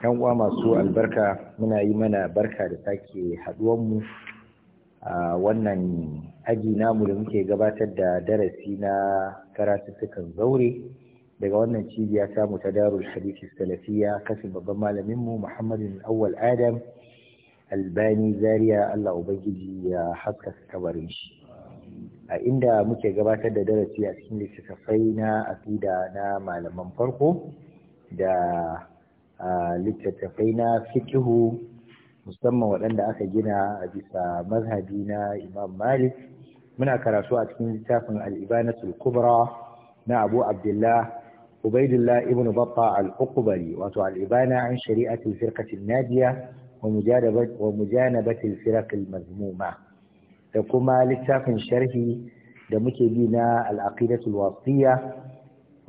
yan uwa masu albarka muna yi mana barka da sake mu a wannan aji namu da muke gabatar da darasi na karatuttukan zaure daga wannan cibiya ta mu ta darul hadisi salafiya kashi babban malaminmu muhammadin awwal adam albani zaria allah ubangiji ya haska kabarin shi a inda muke gabatar da darasi a cikin littattafai na aqida na malaman farko da littattafai na fikihu musamman waɗanda aka gina a bisa mazhabi na imam malik muna karatu a cikin littafin al'ibanatul kubra na abu abdullah ubaidullah ibn batta al ukubari wato al'ibana an shari'atul firqatin nadiya wa mujanabatul firqil mazmuma da kuma littafin sharhi da muke bi na al-aqidatul wasiyya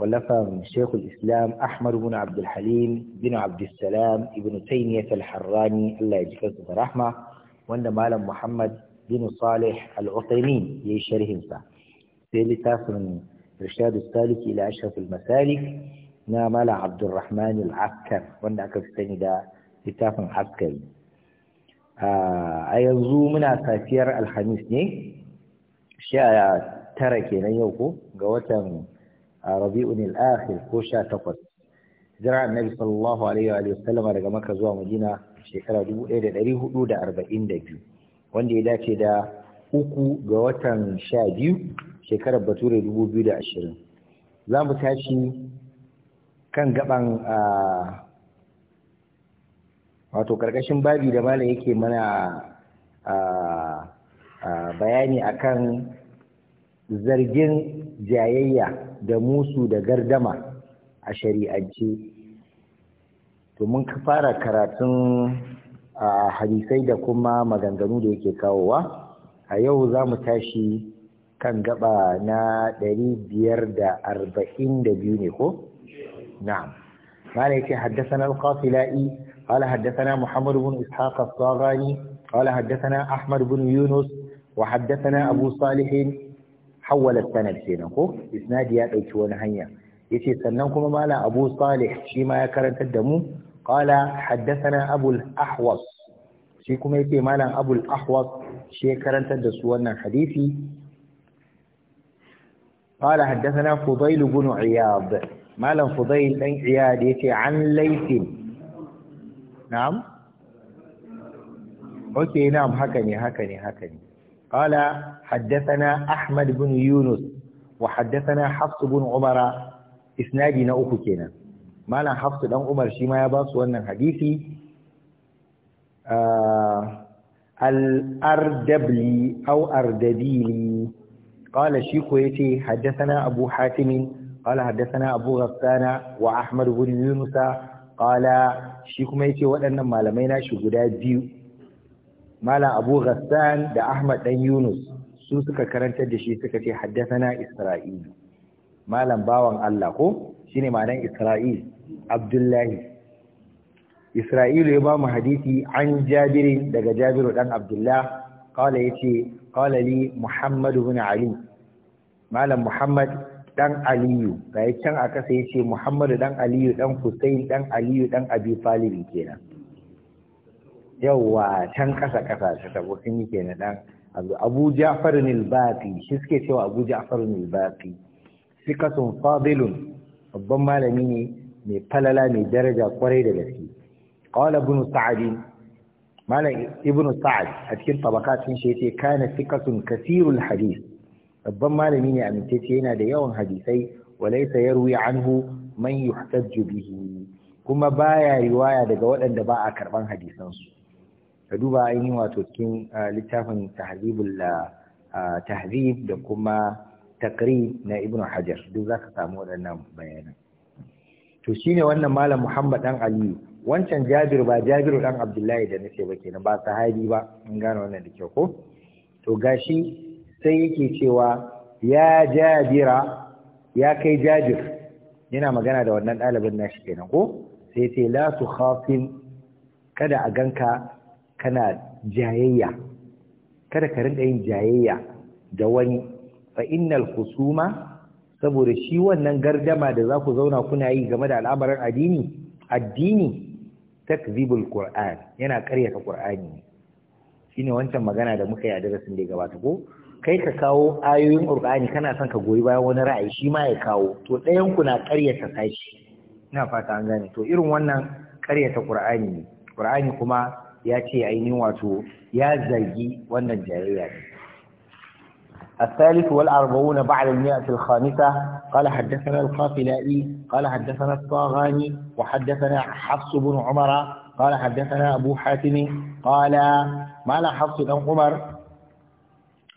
ولفهم شيخ الإسلام أحمد بن عبد الحليم بن عبد السلام ابن تيمية الحراني الله يجزاه الرحمة وأن مالم محمد بن صالح العطيمين يشرحه سيلي تاسم رشاد السالك إلى أشرف المسالك نامل عبد الرحمن العسكر وأن أكفتني دا لتاسم عسكري a yanzu muna safiyar alhamis ne sha tara kenan yau ko ga watan rabi'un al-akhir ko 18 jira annabi sallallahu alaihi wa sallama daga makka zuwa madina shekara 1442 wanda ya dace da uku ga watan 12 shekarar bature 2020 za mu tashi kan gaban wato karkashin babi da malam yake mana bayani akan zargin jayayya da musu da gardama a shari'ance to mun fara karatun a hadisai da kuma maganganu da yake kawowa a yau za mu tashi kan gaba na ɗari biyar da arba'in da biyu ne ko? na'am mala yake haddasa na alƙafila'i قال حدثنا محمد بن إسحاق الصاغاني قال حدثنا أحمد بن يونس وحدثنا Abu صالح hawwala sanad kenan ko isnadi ya dauki wani hanya yace sannan kuma malam Abu Salih shi ma ya karantar da mu qala haddathana Abu al-Ahwas shi kuma yace malam Abu al-Ahwas shi ya karantar da su wannan hadisi qala haddathana Fudail ibn Iyad malam Fudail dan Iyad yace an Layth na'am okay na'am haka ne haka ne haka ne قال حدثنا أحمد بن يونس وحدثنا حفص بن عمر إسنادي نأخو كينا مالا حفص بن عمر شما يباس وأن حديثي آه الأردبلي أو أردبيلي قال شيكو يتي حدثنا أبو حاتم قال حدثنا أبو غسان وأحمد بن يونس قال شيكو يتي وأن مالمينا شهداء بيو malam abu ghassan da ahmad ɗan yunus su suka karantar da shi suka ce haddathana isra'il malam bawan Allah ko shine ma'anar isra'il abdullahi isra'il ya ba mu hadisi an jabir daga jabir dan abdullah qala yace qala li muhammad bin ali malam muhammad dan aliyu ga can aka sai yace Muhammadu, dan aliyu dan husain ɗan aliyu dan abi talib kenan yawwa can ƙasa ƙasa ta tabo sun yi kenan dan abu ja'far shi suke cewa abu ja'far al-baqi sikatun fadilun babban malami ne mai falala mai daraja kwarai da gaske qala ibn sa'd malam ibn sa'd a cikin tabakatin shi yace kana sikatun kasirul hadis babban malami ne amintacce yana da yawan hadisai walaysa yarwi anhu man yuhtajju bihi kuma baya riwaya daga waɗanda ba a karɓan hadisansu ka duba ainihin wato cikin littafin tahzibul tahzib da kuma takri na ibnu hajar duk zaka samu waɗannan bayanan to shine wannan malam muhammad dan aliyu wancan jabir ba jabiru dan abdullahi da nake ba kenan ba sahabi ba in gane wannan da kyau ko to gashi sai yake cewa ya jabira ya kai jabir yana magana da wannan ɗalibin nashi kenan ko sai sai la tu khafin kada a ganka kana jayayya kada ka rinka yin jayayya da wani fa innal khusuma saboda shi wannan gardama da za ku zauna kuna yi game da al'amarin addini addini takzibul qur'an yana ƙaryata qur'ani shine wancan magana da muka yi a darasin da ya gabata ko kai ka kawo ayoyin qur'ani kana son ka goyi bayan wani ra'ayi shi ma ya kawo to ɗayan ku na ƙaryata sashi ina fata an gane to irin wannan ƙaryata qur'ani ne qur'ani kuma ya ce ainihin wato ya zargi wannan jayayya ne الثالث والأربعون بعد المئة الخامسة قال حدثنا القافلائي قال حدثنا الطاغاني وحدثنا حفص بن عمر قال حدثنا أبو حاتم قال ما لا حفص بن عمر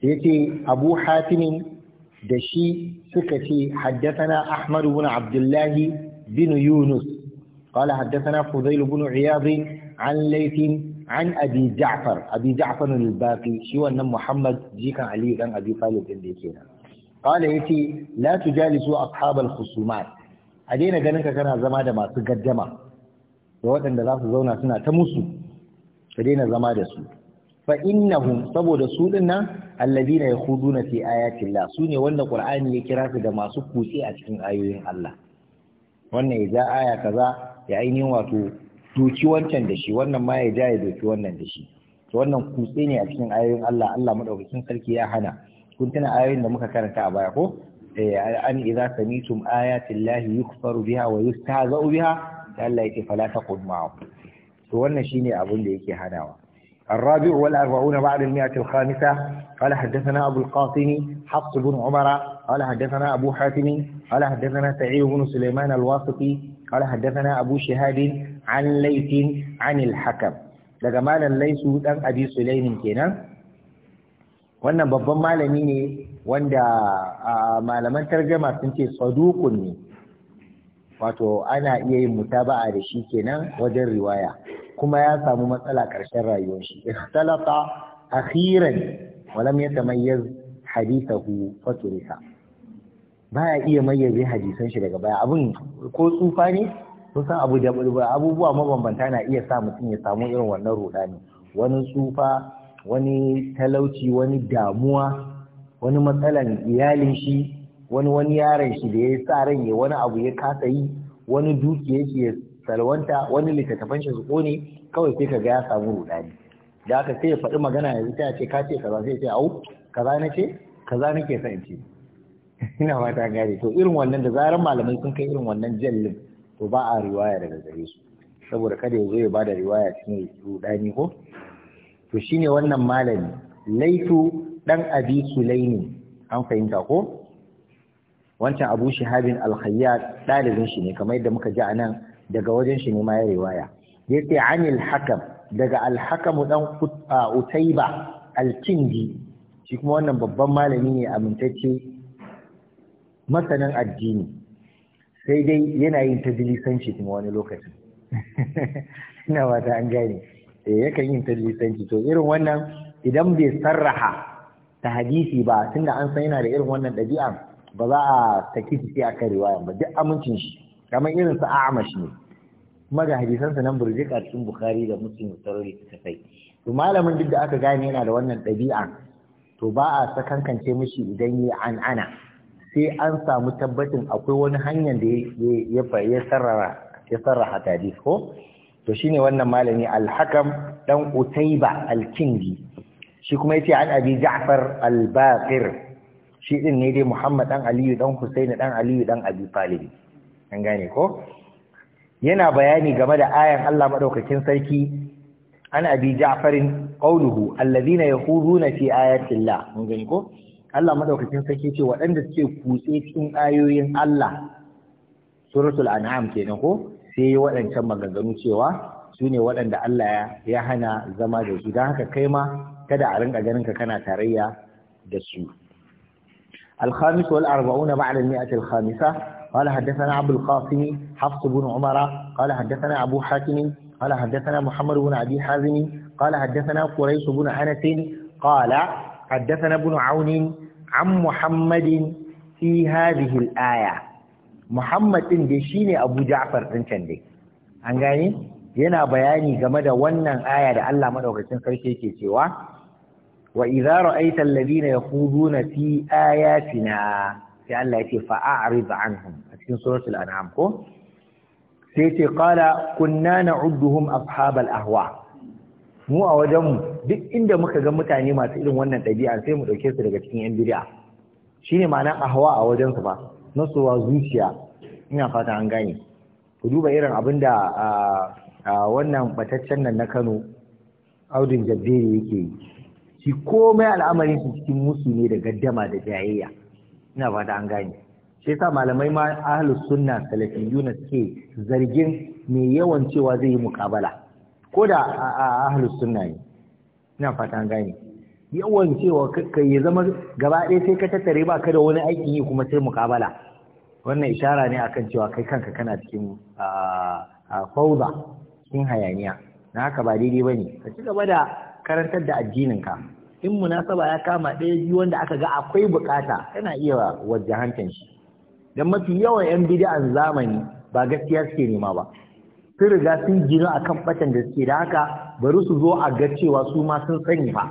يتي أبو حاتم دشي سكتي حدثنا أحمد بن عبد الله بن يونس قال حدثنا فضيل بن عياض عن ليث an abi ja'far abi ja'far al-baqi shi wannan muhammad jikan ali dan abi talib din da yake nan qala yace la tujalisu ashab al-khusumat a daina ganin ka kana zama da masu gaddama da waɗanda za su zauna suna ta musu ka daina zama da su fa innahum saboda su din nan alladina yakhuduna fi ayati llah sune wanda qur'ani ya kira su da masu kutse a cikin ayoyin Allah wannan ya ja aya kaza ya ainihin wato doki wancan da shi wannan ma ya ja ya doki wannan da shi to wannan kutse ne a cikin ayoyin Allah Allah madaukakin sarki ya hana kun tana ayoyin da muka karanta a baya ko eh, an idza samitum ayati llahi yukfaru biha wa yustahza'u biha Allah yake fala taqul ma'ahu to wannan shine abin da yake hanawa الرابع والأربعون بعد المئة الخامسة قال حدثنا أبو القاسم حفص بن عمر قال حدثنا أبو حاتم قال حدثنا سعيد بن سليمان الواسطي قال حدثنا أبو شهاد an laifin anil hakam daga malam laisu dan abi sulaimin kenan wannan babban malami ne wanda malaman tarjama sun ce saduqun ne wato ana iya yin mutaba'a da shi kenan wajen riwaya kuma ya samu matsala ƙarshen rayuwar shi ikhtalata akhiran wa lam yatamayyaz hadithahu faturika baya iya mayyaze hadisan shi daga baya abun ko tsufa ne kun san abu da abubuwa mabambanta na iya sa mutum ya samu irin wannan rudani wani tsufa wani talauci wani damuwa wani matsalan iyalin shi wani wani yaron shi da ya sa ran ya wani abu ya kasa yi wani dukiya shi ya salwanta wani littattafan shi su kone kawai sai ka ga ya samu rudani da aka sai ya faɗi magana yanzu ta ce ka ce kaza sai ce au kaza na ce kaza nake sa in ce ina fata gane to irin wannan da zarar malamai sun kai irin wannan jallin to ba a riwaya daga gare su saboda kada ya zo ya bada riwaya cikin rudani ko to shine wannan malami laitu dan abi sulaimi an fahimta ko wancan abu shihabin al alkhayya dalibin shi ne kamar yadda muka ji anan daga wajen shi ne ma ya riwaya yace anil hakam daga alhakamu dan utaiba al shi kuma wannan babban malami ne amintacce masanin addini sai dai yana yin ta dilisanci kuma wani lokaci ina ba ta an gane eh yakan yin ta dilisanci to irin wannan idan bai sarraha ta hadisi ba tunda an san yana da irin wannan ɗabi'a ba za a saki shi a kan riwaya ba duk amincin shi kamar irin sa Amash ne kuma ga sa nan burjik a cikin Bukhari da Muslim da Sarari ta kai to malamin duk da aka gane yana da wannan ɗabi'a to ba a sakankance mishi idan yi an ana sai an samu tabbacin akwai wani hanyar da ya sarrara ya sarraha hadith ko to shine wannan malami al-hakam dan utayba al-kindi shi kuma yace an abi ja'far al-baqir shi din ne dai muhammad dan aliyu dan husain dan aliyu dan abi talib an gane ko yana bayani game da ayan Allah madaukakin sarki an abi ja'farin qawluhu alladhina yakhuduna fi ayati llah an gane ko Allah madaukakin sarki ce waɗanda suke kutse cikin ayoyin Allah suratul an'am kenan ko sai yi waɗancan maganganu cewa su ne waɗanda Allah ya hana zama da su don haka kai ma kada a rinka ganin ka kana tarayya da su الخامس والأربعون بعد المئة الخامسة قال حدثنا عبد القاسم حفص بن عمر قال حدثنا أبو حاتم قال حدثنا محمد بن أبي حازم قال حدثنا قريش بن أنس قال حدثنا ابن عون عن محمد في هذه الآية محمد din da shine Abu Ja'far din can dai an gane yana bayani game da wannan aya da Allah madaukakin sarki yake cewa wa idza ra'aita alladhina yakhuduna fi ayatina sai Allah yake fa'arid anhum a cikin suratul an'am ko sai ce qala kunna na'udduhum ashab al-ahwa mu a wajenmu duk inda muka ga mutane masu irin wannan ɗabi'a sai mu ɗauke su daga cikin 'yan bid'a shine ma'ana a hawa a wajensu ba nasowa zuciya ina fata an gane ku duba irin abin da a wannan bataccen nan na Kano Audin jabbere yake yi shi komai al'amarin su cikin musu ne da gaddama da jayayya ina fata an gane shi yasa malamai ma ahlus sunna salafiyuna suke zargin mai yawan cewa zai yi mukabala. ko da a ahalus sunna ne ina fatan gane yawan cewa ka ya zama gaba ɗaya sai ka tattare ba ka da wani aiki yi kuma sai mukabala wannan ishara ne akan cewa kai kanka kana cikin fauza cikin hayaniya na haka ba daidai ba ne ka ci gaba da karantar da addininka in munasaba ya kama ɗaya biyu wanda aka ga akwai bukata kana iya wajahantar shi don mafi yawan 'yan bid'an zamani ba gaskiya suke nema ba sun riga sun gino akan batan da suke da haka bari su zo a ga cewa su ma sun sani ba.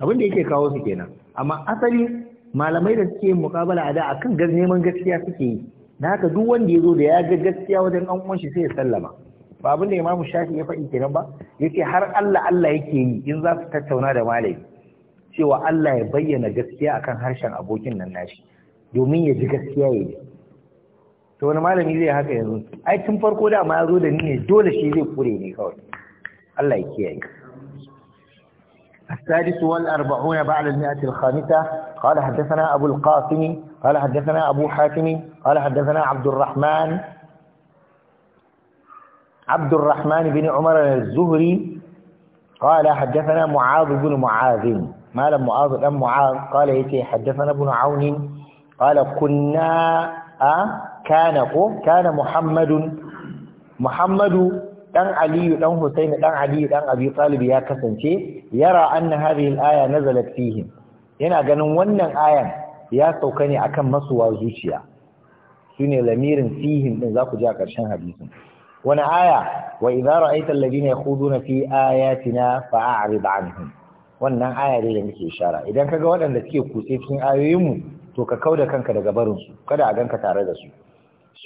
abin da yake kawo su kenan amma asali malamai da suke mukabala a da akan neman gaskiya suke yi na haka duk wanda ya zo da ya ga gaskiya wajen an uwan shi sai ya sallama ba abin da imamu shafi ya faɗi kenan ba yake har Allah Allah yake yi in za su tattauna da malami cewa Allah ya bayyana gaskiya akan harshen abokin nan nashi domin ya ji gaskiya ya yi to wani malami zai haka yanzu ai tun farko da ma yazo da ni ne dole shi zai kure ne kawai Allah ya kiyaye السادس والأربعون بعد المئة الخامسة قال حدثنا أبو القاسم قال حدثنا أبو حاتم قال حدثنا عبد الرحمن عبد الرحمن بن عمر الزهري قال حدثنا معاذ بن معاذ ما لم معاذ أم معاذ قال يتي حدثنا ابن عون قال كنا آه، kana ko kana muhammadun muhammadu dan aliyu dan husaini dan aliyu dan abi talib ya kasance yara anna hadhihi al-aya nazalat fihim yana ganin wannan ayan ya sauka ne akan masuwa zuciya shine lamirin fihim din zaku ji a ƙarshen hadisin wani aya wa idza ra'aita alladhina yakhuduna fi ayatina fa'rid anhum wannan aya ne da muke ishara idan kaga waɗanda suke kutse cikin ayoyin mu to ka kauda kanka daga barin su kada a ganka tare da su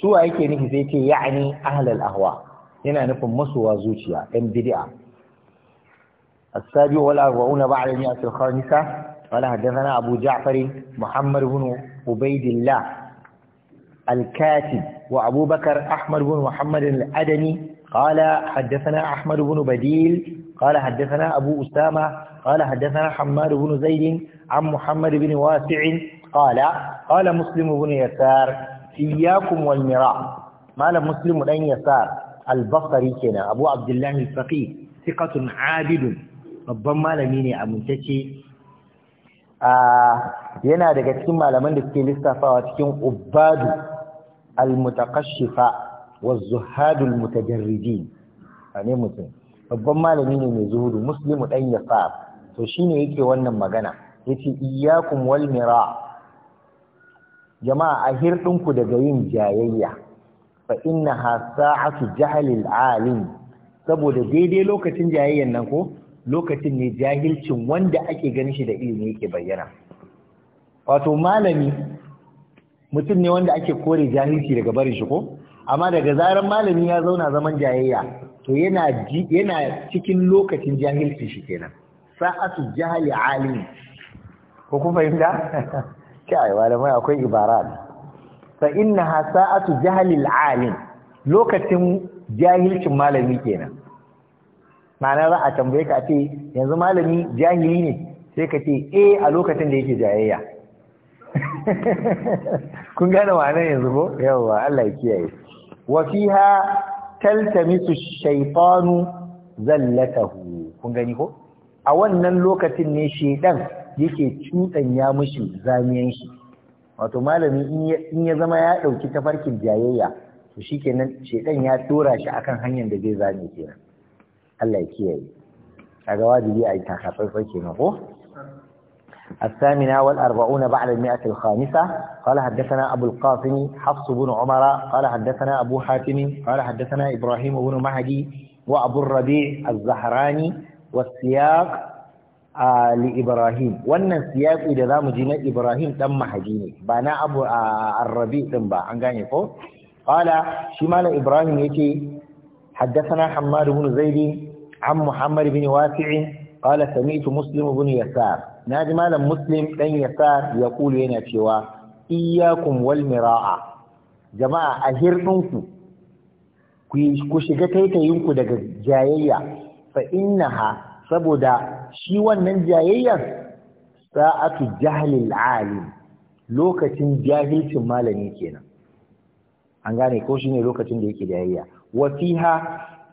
su wa yake nufi sai ce ya'ani ahlal ahwa yana nufin masowa zuciya ɗan bid'a السابع والأربعون بعد المئة الخامسة قال حدثنا أبو جعفر محمد بن عبيد الله الكاتب وأبو بكر أحمد بن محمد الأدني قال حدثنا أحمد بن بديل قال حدثنا أبو أسامة قال حدثنا حماد بن زيد عن محمد بن واسع قال قال مسلم بن يسار iyyakum wal mira malam muslimu dan yasa al-basri kenan abu abdullahi al-faqih thiqatun abidun babban malami ne amintacce yana daga cikin malaman da suke lissafawa cikin ubbad al-mutaqashifa waz zuhad al mutajarridin ane mutum babban malami ne mai zuhudu muslimu dan yasa to shine yake wannan magana yace iyyakum wal mira jama'a a hirɗinku daga yin jayayya fa inna ha sa'atu jahalil alim saboda daidai lokacin jayayyan nan ko lokacin ne jahilcin wanda ake ganin shi da ilimi yake bayyana wato malami mutum ne wanda ake kore jahilci daga barin shi ko amma daga zaran malami ya zauna zaman jayayya to yana yana cikin lokacin jahilci shi kenan sa'atu jahali alim ko kun fahimta kai malamai akwai ibarat fa innaha sa'atu jahlil alim lokacin jahilcin malami kenan Mana za a tambaye ka ce yanzu malami jahili ne sai ka ce eh a lokacin da yake jayayya kun gane wane yanzu ko yawa Allah ya kiyaye wa fiha taltamisu shaytanu zallatahu kun gani ko a wannan lokacin ne shedan yake cuɗanya mushi zamiyan shi wato malami in ya zama ya ɗauki tafarkin jayayya to kenan shedan ya tura shi akan hanyar da zai zame kenan Allah ya kiyaye kaga wajibi a yi takatsantsan kenan ko الثامنة والأربعون بعد المئة الخامسة قال حدثنا أبو القاسم حفص بن عمر قال حدثنا أبو حاتم قال حدثنا إبراهيم بن مهدي وأبو الربيع الزهراني والسياق Ali Ibrahim wannan siyaƙi da zamu ji na Ibrahim dan mahadi ne ba na Abu Ar-Rabi din ba an gane ko qala shi malam Ibrahim yake haddathana Hammad ibn Zaid an Muhammad ibn Wasi' qala sami'tu Muslim ibn Yasar naji malam Muslim dan Yasar yaqulu yana cewa iyyakum wal mira'a jama'a a hirdinku ku shiga taitayinku daga jayayya fa innaha saboda shi wannan jayayyar sa'atu jahlil alim lokacin jahilcin malami kenan an gane ko shine lokacin da yake jayayya wa fiha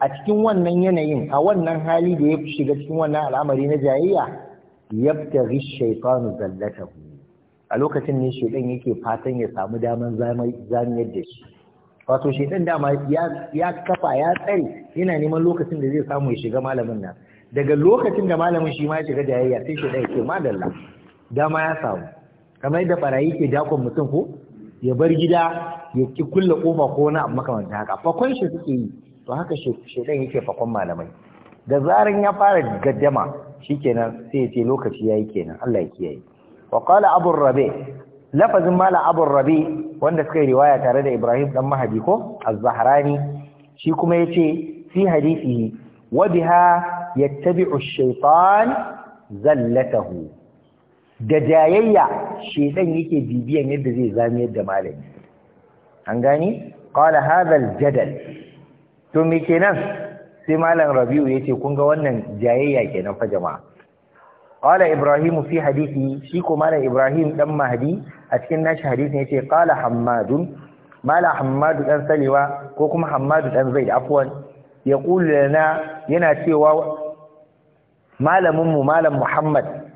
a cikin wannan yanayin a wannan hali da ya shiga cikin wannan al'amari na jayayya yabtaghi shaytanu zallatahu a lokacin ne shedan yake fatan ya samu daman zamiyar da shi wato shedan dama ya kafa ya tsare yana neman lokacin da zai samu ya shiga malamin nan daga lokacin da malamin shi ma shiga jayayya sai shi ɗaya ke madalla dama ya samu kamar yadda barayi ke dakon mutum ko ya bar gida ya ki kulle kofa ko wani abu makamanta haka fakon shi suke yi to haka dai yake fakon malamai da zaran ya fara gaddama shikenan sai ya ce lokaci yayi kenan Allah ya kiyaye wa qala abu rabi lafazin mala abu rabi wanda suka yi riwaya tare da Ibrahim dan mahadi ko az-Zahrani shi kuma yace fi si wa biha yattabi'u shaytan zallatahu da jayayya shedan yake bibiyan yadda zai zame yadda malami an gani qala hadha al-jadal to me kenan sai malam rabiu yace kun ga wannan jayayya kenan fa jama'a qala ibrahim fi hadisi shi ko malam ibrahim dan mahdi a cikin nashi hadisin yace qala hammadun mala hammadu dan salewa ko kuma hammadu dan zaid afwan yaqulu lana yana cewa malaminmu malam muhammad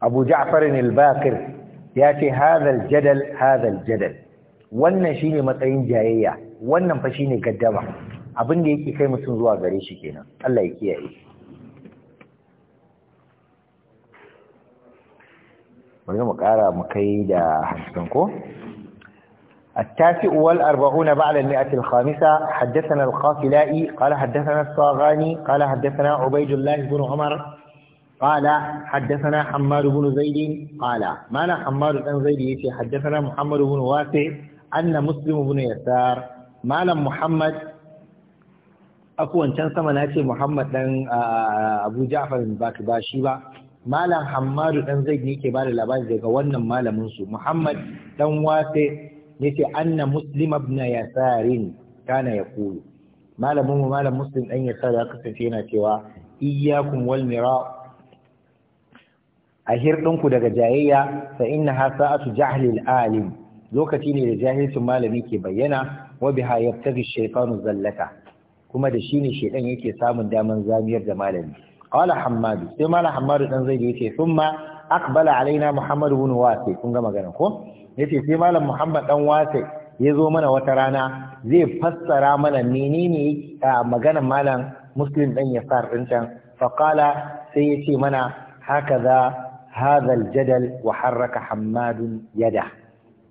abu ja'farin al-bakir ya ce hadal jadal hadal jadal wannan shine matsayin jayayya wannan fa shine gaddama abin da yake kai mutum zuwa gare shi kenan Allah ya kiyaye bari mu kara mu kai da hasken ko التاسع والأربعون بعد المئة الخامسة حدثنا القافلائي قال حدثنا الصاغاني قال حدثنا عبيد الله بن عمر قال حدثنا حمار بن زيد قال مانا حمار بن زيد يتي حدثنا محمد بن واسع أن مسلم بن يسار مالا محمد أكون كان سمناتي محمد بن أبو جعفر باك باشيبا مالا حمار بن زيد يكي بالي لاباز دقا ونم مالا منسو محمد بن واسع yace anna muslim ibn yasarin kana yaqulu malamin mu malam muslim dan yasar ya kasance yana cewa iyyakum wal mira a hirdinku daga jayayya fa inna sa'atu jahlil alim lokaci ne da jahilcin malami ke bayyana wa biha yabtaghi shaytanu zallaka kuma da shine shedan yake samun daman zamiyar da malami qala hammadu sai malam hammadu dan zai yace thumma aqbala alaina muhammad ibn wasi kun ga magana ko Ya ce sai malam Muhammad dan Wasai ya zo mana wata rana zai fassara mana menene maganar malam Muslim dan Yasar din can fa sai sai ce mana haka za hazal jadal wa harraka Hammad yada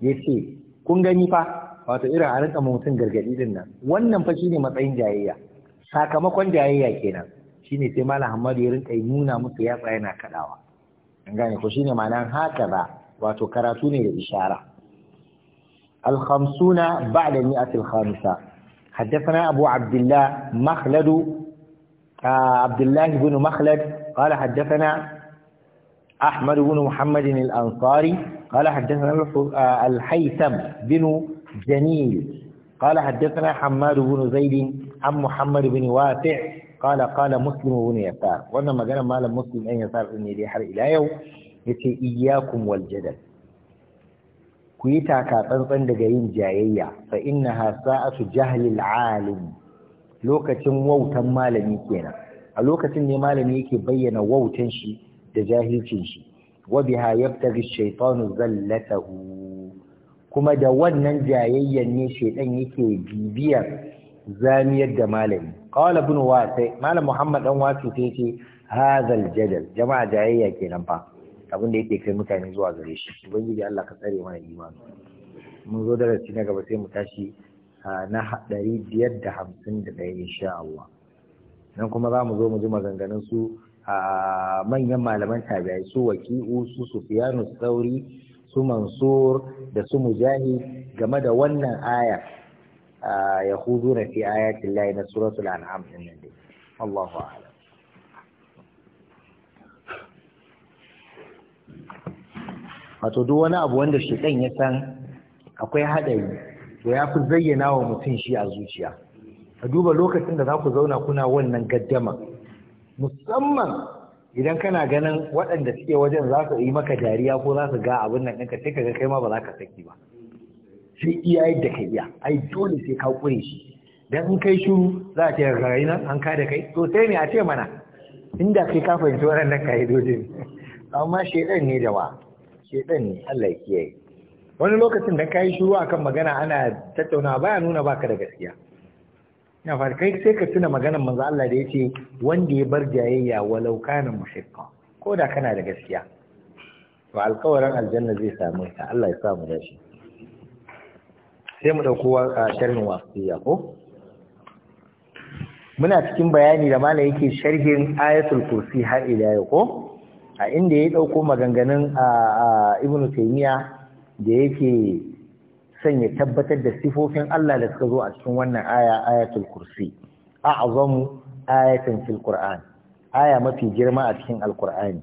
ce kun gani fa wato irin a rinka mutum gargadi din nan wannan fa shine matsayin jayayya sakamakon jayayya kenan shine sai malam Hamadu ya rinka nuna musu yatsa yana kaɗawa. an gane ko shine ma'anar haka ba واتو كراتوني الإشارة الخمسون بعد المئة الخامسة حدثنا أبو عبد الله مخلد آه، عبد الله بن مخلد قال حدثنا أحمد بن محمد الأنصاري قال حدثنا آه، الحيثم بن جنيل قال حدثنا حماد بن زيد عن محمد بن واسع قال قال مسلم بن يسار وانما قال مال مسلم ان يسار اني يدي حر الى يوم Ya ce, iyakun waljadal. ku yi taka tsantsan daga yin jayayya fa innaha sa'atu jahlil alim lokacin wautan malami kenan a lokacin ne malami yake bayyana wautan shi da jahilcin shi wa biha yabtaghi shaytanu zallatahu kuma da wannan jayayyan ne shedan yake bibiyar zamiyar da malami qala ibn wasi malam muhammad dan wasi sai ce hadha jadal jama'a jayayya kenan fa abin da yake kai mutane zuwa gare shi ubangiji Allah ka tsare mana imani mun zo darasi na gaba sai mu tashi na ɗari biyar da hamsin da ɗaya insha Allah nan kuma za mu zo mu ji maganganun su a manyan malaman tabi'ai su waki'u su sufiyanu sauri su mansur da su mujahid game da wannan aya ya huzu na fi ayatin layi na suratul an'am din nan dai Allahu a'lam wato duk wani abu wanda shedan ya san akwai haɗari to ya fi zayyana wa mutum shi a zuciya ka duba lokacin da za ku zauna kuna wannan gaddama musamman idan kana ganin waɗanda suke wajen za su yi maka dariya ko za su ga abin nan ɗinka sai ka ga kai ma ba za ka saki ba sai iya yadda ka iya ai dole sai ka ƙure shi dan in kai shiru za a ce rayu nan an ka da kai to sai ne a ce mana inda kai ka fahimci waɗannan ka'idoji ne amma shaidan ne da wa shedan ne Allah ya kiyaye wani lokacin da kai shiru akan magana ana tattauna baya nuna baka da gaskiya ina fara kai sai ka tuna maganar manzo Allah da yace wanda ya bar jayayya walau kana mushrika ko da kana da gaskiya to alƙawarin aljanna zai samu ta Allah ya samu da shi. sai mu dauko sharhin wasiya ko muna cikin bayani da malai yake sharhin ayatul kursi har ila yau ko a inda ya ɗauko maganganun a ibn taymiya da yake ya tabbatar da sifofin Allah da suka zo a cikin wannan aya ayatul kursi a'zamu ayatin fil qur'an aya mafi girma a cikin alqur'ani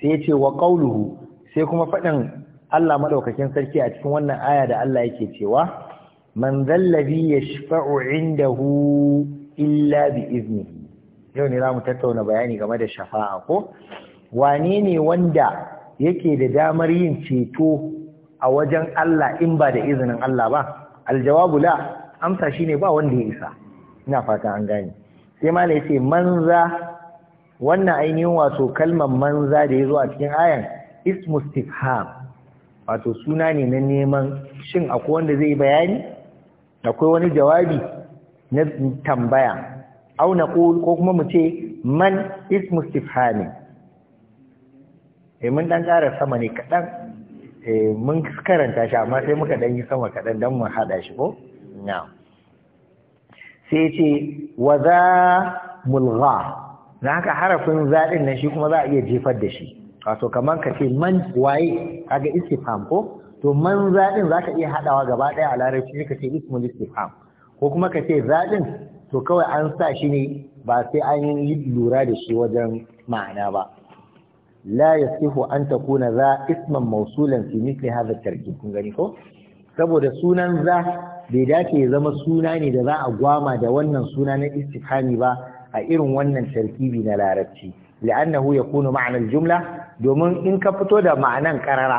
sai ya ce wa qawluhu sai kuma faɗin Allah madaukakin sarki a cikin wannan aya da Allah yake cewa man zallabi yashfa'u indahu illa bi iznihi yau ne zamu tattauna bayani game da shafa'a ko wane ne wanda yake da damar yin ceto a wajen Allah in ba da izinin Allah ba aljawabu la amsa shine ba wanda ya isa ina fata an gane sai malai ce manza wannan ainihin wato kalmar manza da ya zo a cikin ayan ismu wato suna ne na neman shin akwai wanda zai bayani akwai wani jawabi na tambaya au ko kuma mu ce man ismu istifhamin eh mun dan ƙara sama ne kaɗan eh mun karanta shi amma sai muka dan yi sama kaɗan don mu haɗa shi ko na sai ce wa za mulgha na haka harafin zaɗin nan shi kuma za a iya jefar da shi wato kamar ka ce man waye kaga istifham ko to man zaɗin za ka iya haɗawa gaba ɗaya a larabci ka ce ismul istifham ko kuma ka ce zaɗin to kawai an sa shi ne ba sai an yi lura da shi wajen ma'ana ba la yasihu an takuna za isman mausulan fi mithli hadha tarkib kun gani ko saboda sunan za bai dace ya zama suna ne da za a gwama da wannan suna na istifhami ba a irin wannan tarkibi na larabci li'annahu yakunu ma'na al-jumla domin in ka fito da ma'anan karara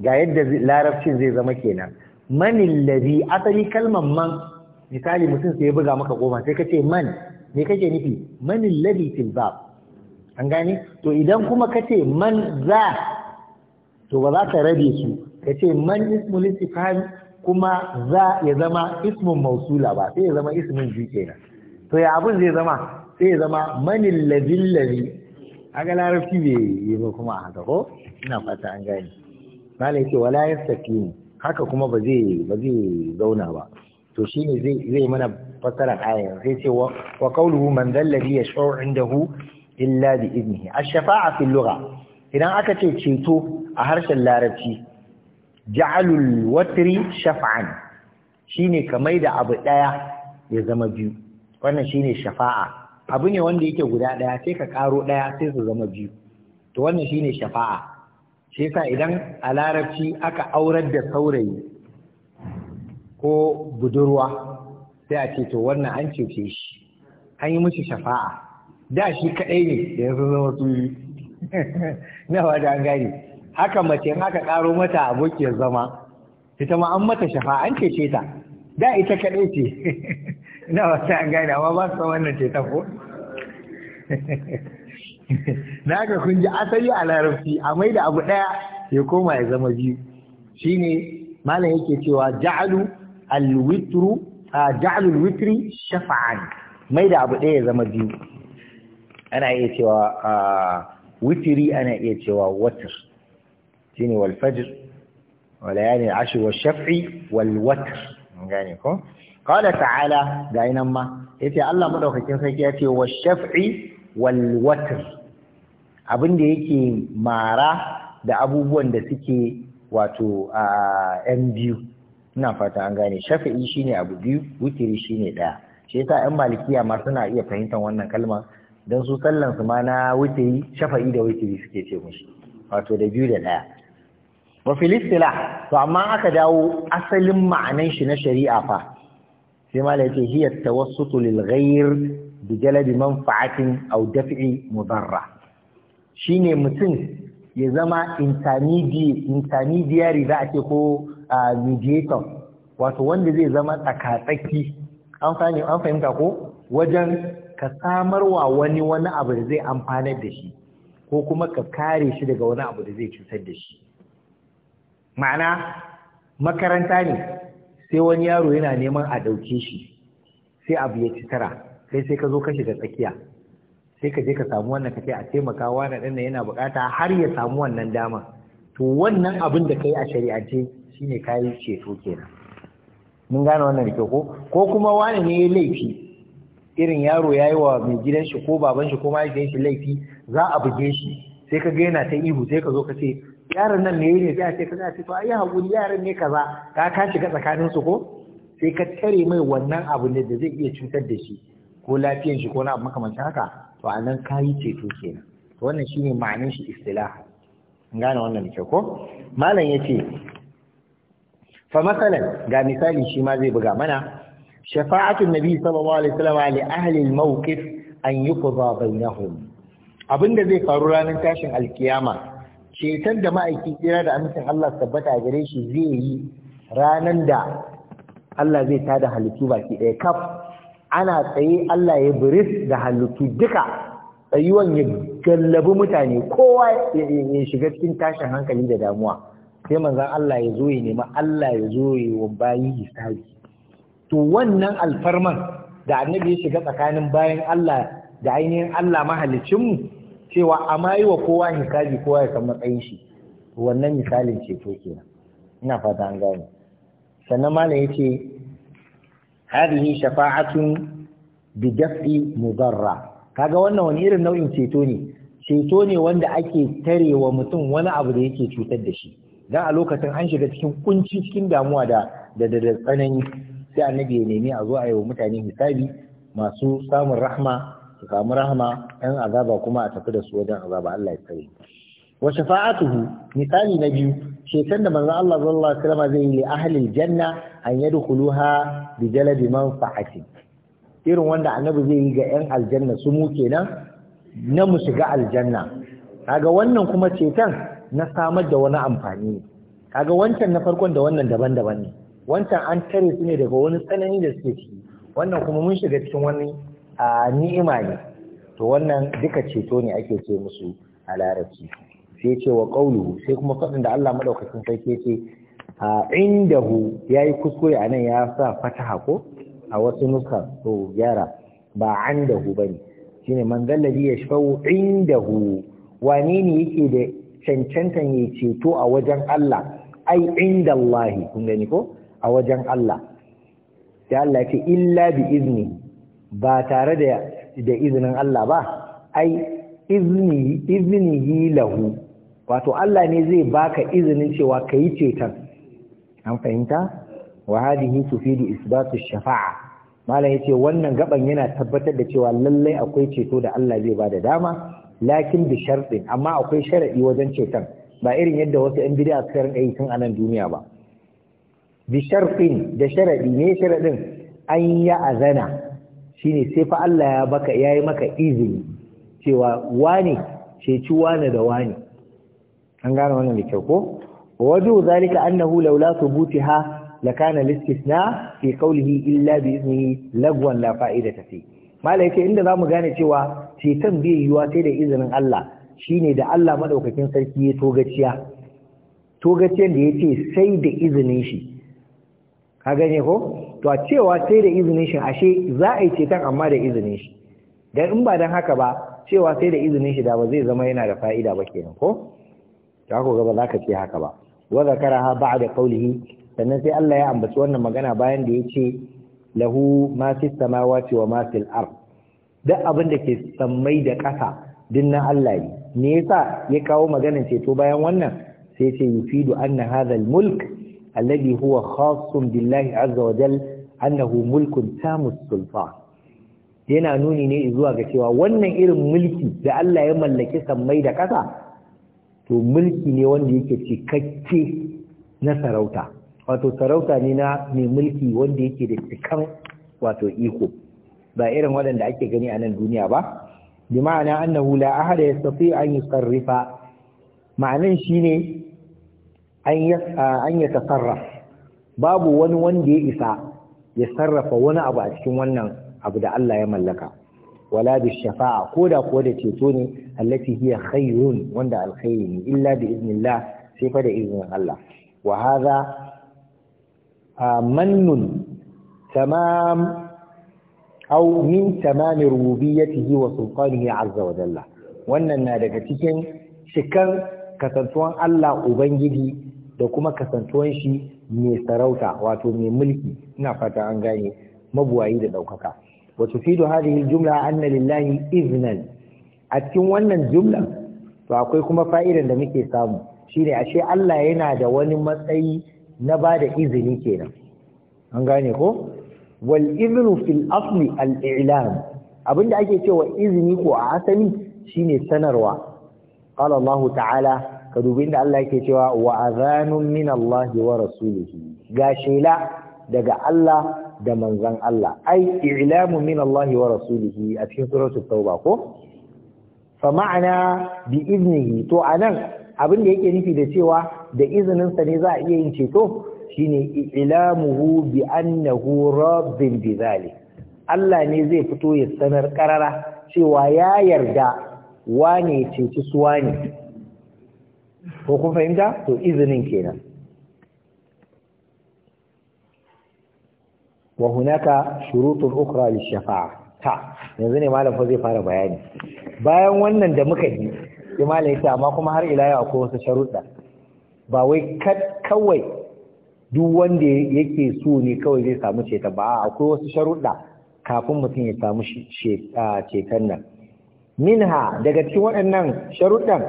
ga yadda larabcin zai zama kenan manin ladhi asali kalmar man misali mutum sai ya buga maka goma sai ka ce man me kake nufi manin ladhi fil bab an gane to idan kuma ka ce man za to ba za ka rabe su ka ce man ismul istifham kuma za ya zama ismun mausula ba sai ya zama ismin jikena. to ya abun zai zama sai ya zama manil ladil ladhi aga larabci be yi ba kuma haka ko ina fata an gane malai ce wala yastaqim haka kuma ba zai ba zai zauna ba to shine zai zai mana fassara ayan sai ce wa qawluhu man dal ladhi yashfa'u indahu illa bi iznihi ash-shafa'a fil lugha idan aka ce ceto a harshen larabci ja'alul watri shaf'an shine kamar da abu daya ya zama biyu wannan shine shafa'a abu ne wanda yake guda daya sai ka karo daya sai su zama biyu to wannan shine shafa'a shi yasa idan a larabci aka aurar da saurayi ko budurwa sai a ce to wannan an cece shi an yi mishi shafa'a da shi kaɗai ne da yanzu zama su yi na wajen an gane haka mace in aka ƙaro mata abokiyar zama ita ma an mata shafa an cece ta da ita kaɗai ce na wajen an gane amma ba su wannan ce ta ko na ga kun ji asali a larabci a mai da abu ɗaya ya koma ya zama biyu shine malam yake cewa ja'alu alwitru ja'alu alwitri shafa'an mai da abu ɗaya ya zama biyu ana iya cewa a witiri ana iya cewa watar shine walfajir fajr ne a shi wa shaf'i walwatar gane ko da ta'ala ga inan ma ce Allah maɗaukakin sarki ce wa shaf'i walwatar abinda yake mara da abubuwan da suke wato a yan biyu ina fata an gane shafi'i shine abu biyu witiri shine ɗaya shi yasa yan malikiya ma suna iya fahimtar wannan kalma don su sallansu ma na wutiri shafa'i da wutiri suke ce mushi wato da biyu da ɗaya wa filistila to amma aka dawo asalin ma'anan shi na shari'a fa sai da yake hiya tawassutu lil ghayr bi jalabi manfa'atin aw daf'i mudarra shine mutum ya zama intermediate intermediary za a ce ko mediator wato wanda zai zama tsakatsaki an fahimta ko wajen ka samar wa wani wani abu da zai amfanar da shi ko kuma ka kare shi daga wani abu da zai cutar da shi ma'ana makaranta ne sai wani yaro yana neman a dauke shi sai abu ya ci tara kai sai ka zo ka shiga tsakiya sai ka je ka samu wannan ka ce a taimaka wani ɗan yana bukata har ya samu wannan dama to wannan abin da ka yi a shari'ance shine ka yi ceto kenan mun gane wannan da ko ko kuma wani ne ya laifi irin yaro ya yi wa mai gidan shi ko baban shi ko mahaifin shi laifi za a buge shi sai ka ga yana ta ihu sai ka zo ka ce yaron nan meye ne sai a ce ka ce to ai hakuri yaron ne kaza ka ka shiga tsakanin su ko sai ka tare mai wannan abu ne da zai iya cutar da shi ko lafiyar shi ko na abu makamancin haka to a nan ka yi ceto kenan to wannan shine ma'anin shi istilah gane wannan kyau ko malam yace fa masalan ga misali shi ma zai buga mana shafa'atun nabi sallallahu alaihi wasallam li ahli al-mawqif an zai faru ranar tashin alkiyama ceton da ma'aiki kira da amincin Allah tabbata gare shi zai yi ranan da Allah zai tada halittu baki ɗaya kaf ana tsaye Allah ya biris da halittu duka tsayuwan ya gallabi mutane kowa ya shiga cikin tashin hankali da damuwa sai manzon Allah ya zo ya nema Allah ya zo ya wa bayi hisabi to wannan alfarman da annabi ya shiga tsakanin bayan Allah da ainihin Allah mahalicinmu cewa a yi wa kowa hisabi kowa ya san matsayin shi wannan misalin ceto kenan ina fata an gane sannan malam yace hadihi shafa'atun bi daf'i mudarra kaga wannan wani irin nau'in ceto ne ceto ne wanda ake tarewa mutum wani abu da yake cutar da shi dan a lokacin an shiga cikin kunci cikin damuwa da da da tsanani sai annabi ya nemi a zo a yi wa mutane hisabi masu samun rahma su samu rahma ɗan azaba kuma a tafi da su wajen azaba Allah ya tsare wa shafa'atuhu misali na biyu ceton da manzon Allah sallallahu alaihi wasallam zai yi li ahlil janna an yadkhuluha bi man manfa'ati irin wanda annabi zai yi ga ƴan aljanna su mu kenan na mu shiga aljanna kaga wannan kuma ceton na samar da wani amfani kaga wancan na farkon da wannan daban-daban ne wancan an tare su ne daga wani tsanani da suke ciki wannan kuma mun shiga cikin wani a ni'ima ne to wannan duka ceto ne ake ce musu a larabci sai ce wa sai kuma faɗin da Allah madaukakin sarki ce a indahu yayi kuskure anan ya sa fataha ko a wasu nuska to gyara ba andahu bane shine man zallabi yashfa'u indahu wani ne yake da cancantan ya ceto a wajen Allah ai inda Allah kun gani ko a wajen Allah sai Allah ce illa bi izni ba tare da da izinin Allah ba ai izni yi lahu wato Allah ne zai baka izinin cewa kai ceton. an fahimta wa hadihi tufidu isbatu shafa'a malam ya ce wannan gaban yana tabbatar da cewa lallai akwai ceto da Allah zai bada dama lakin bi sharɗin amma akwai shara'i wajen ceton ba irin yadda wasu 'yan bid'a suka rinka yi tun nan duniya ba bi sharfin da Sharaɗi. ne Sharaɗin? an ya azana shine sai fa Allah ya baka yayi maka izini cewa wani ceci wani da wani an gane wannan da kyau ko waju zalika annahu laula thubutiha لكان الاستثناء في illa إلا بإذنه لغوا لا فائدة فيه mala yake inda zamu gane cewa ceton bai yiwa sai da izinin Allah shine da Allah madaukakin sarki ya togaciya togaciyar da ya ce sai da izinin shi ka gane ko to a cewa sai da izinin shi ashe za a yi ceton amma da izinin shi dan in ba dan haka ba cewa sai da izinin shi da ba zai zama yana da fa'ida ba kenan ko ta ba gaba ka ce haka ba wa ha ba'da qawlihi sannan sai Allah ya ambaci wannan magana bayan da yace lahu ma fi samawati wa ma al ard duk abin da ke sammai da ƙasa dinna Allah ne me yasa ya kawo maganar ceto bayan wannan sai ce yufidu anna hadha al mulk alladhi huwa khassun billahi azza wa annahu mulkun tamus yana nuni ne zuwa ga cewa wannan irin mulki da Allah ya mallaki sammai da ƙasa to mulki ne wanda yake cikakke na sarauta wato sarauta ne na mai mulki wanda yake da cikan wato iko ba irin waɗanda ake gani a nan duniya ba bi ma'ana annahu la ahada yastati an yusarrifa ma'anan shine an ya tasarraf babu wani wanda ya isa ya sarrafa wani abu a cikin wannan abu da Allah ya mallaka wala bi shafa'a ko da kuwa da ceto ne allati hiya khayrun wanda alkhairi ne illa bi iznillah sai fa da iznin Allah wa hadha mannun tamam aw min tamam rububiyyatihi wa sultanihi azza wa jalla wannan na daga cikin shikan kasantuwan Allah ubangiji da kuma kasantuwan shi mai sarauta wato mai mulki ina fata an gane mabuwayi da ɗaukaka wa da hadhihi jumla anna lillahi iznan a cikin wannan jumla to akwai kuma fa'idan da muke samu shine ashe Allah yana da wani matsayi na ba da izini kenan an gane ko wal iznu fil asli al i'lam abinda ake cewa izini ko a asali shine sanarwa qala Allah ta'ala ka dubi inda Allah yake cewa wa azanun min Allah wa rasulihi ga shela daga Allah da manzon Allah ai i'lamu min Allah wa rasulihi a cikin suratul tauba ko fa ma'ana bi iznihi to anan abin da yake nufi da cewa da izinin sa ne za a iya yin ceto shine i'lamuhu bi annahu rabbin bi Allah ne zai fito ya sanar karara cewa ya yarda wane ceci suwane ko kun fahimta to izinin kenan wa hunaka shurutun ukhra shafa'a ta yanzu ne malam fa zai fara bayani bayan wannan da muka yi, sai malam yace amma kuma har ila yau akwai wasu sharuɗa ba wai kawai duk wanda yake so ne kawai zai samu ceta ba akwai wasu sharuɗa kafin mutum ya samu ceton nan minha daga cikin waɗannan sharuɗan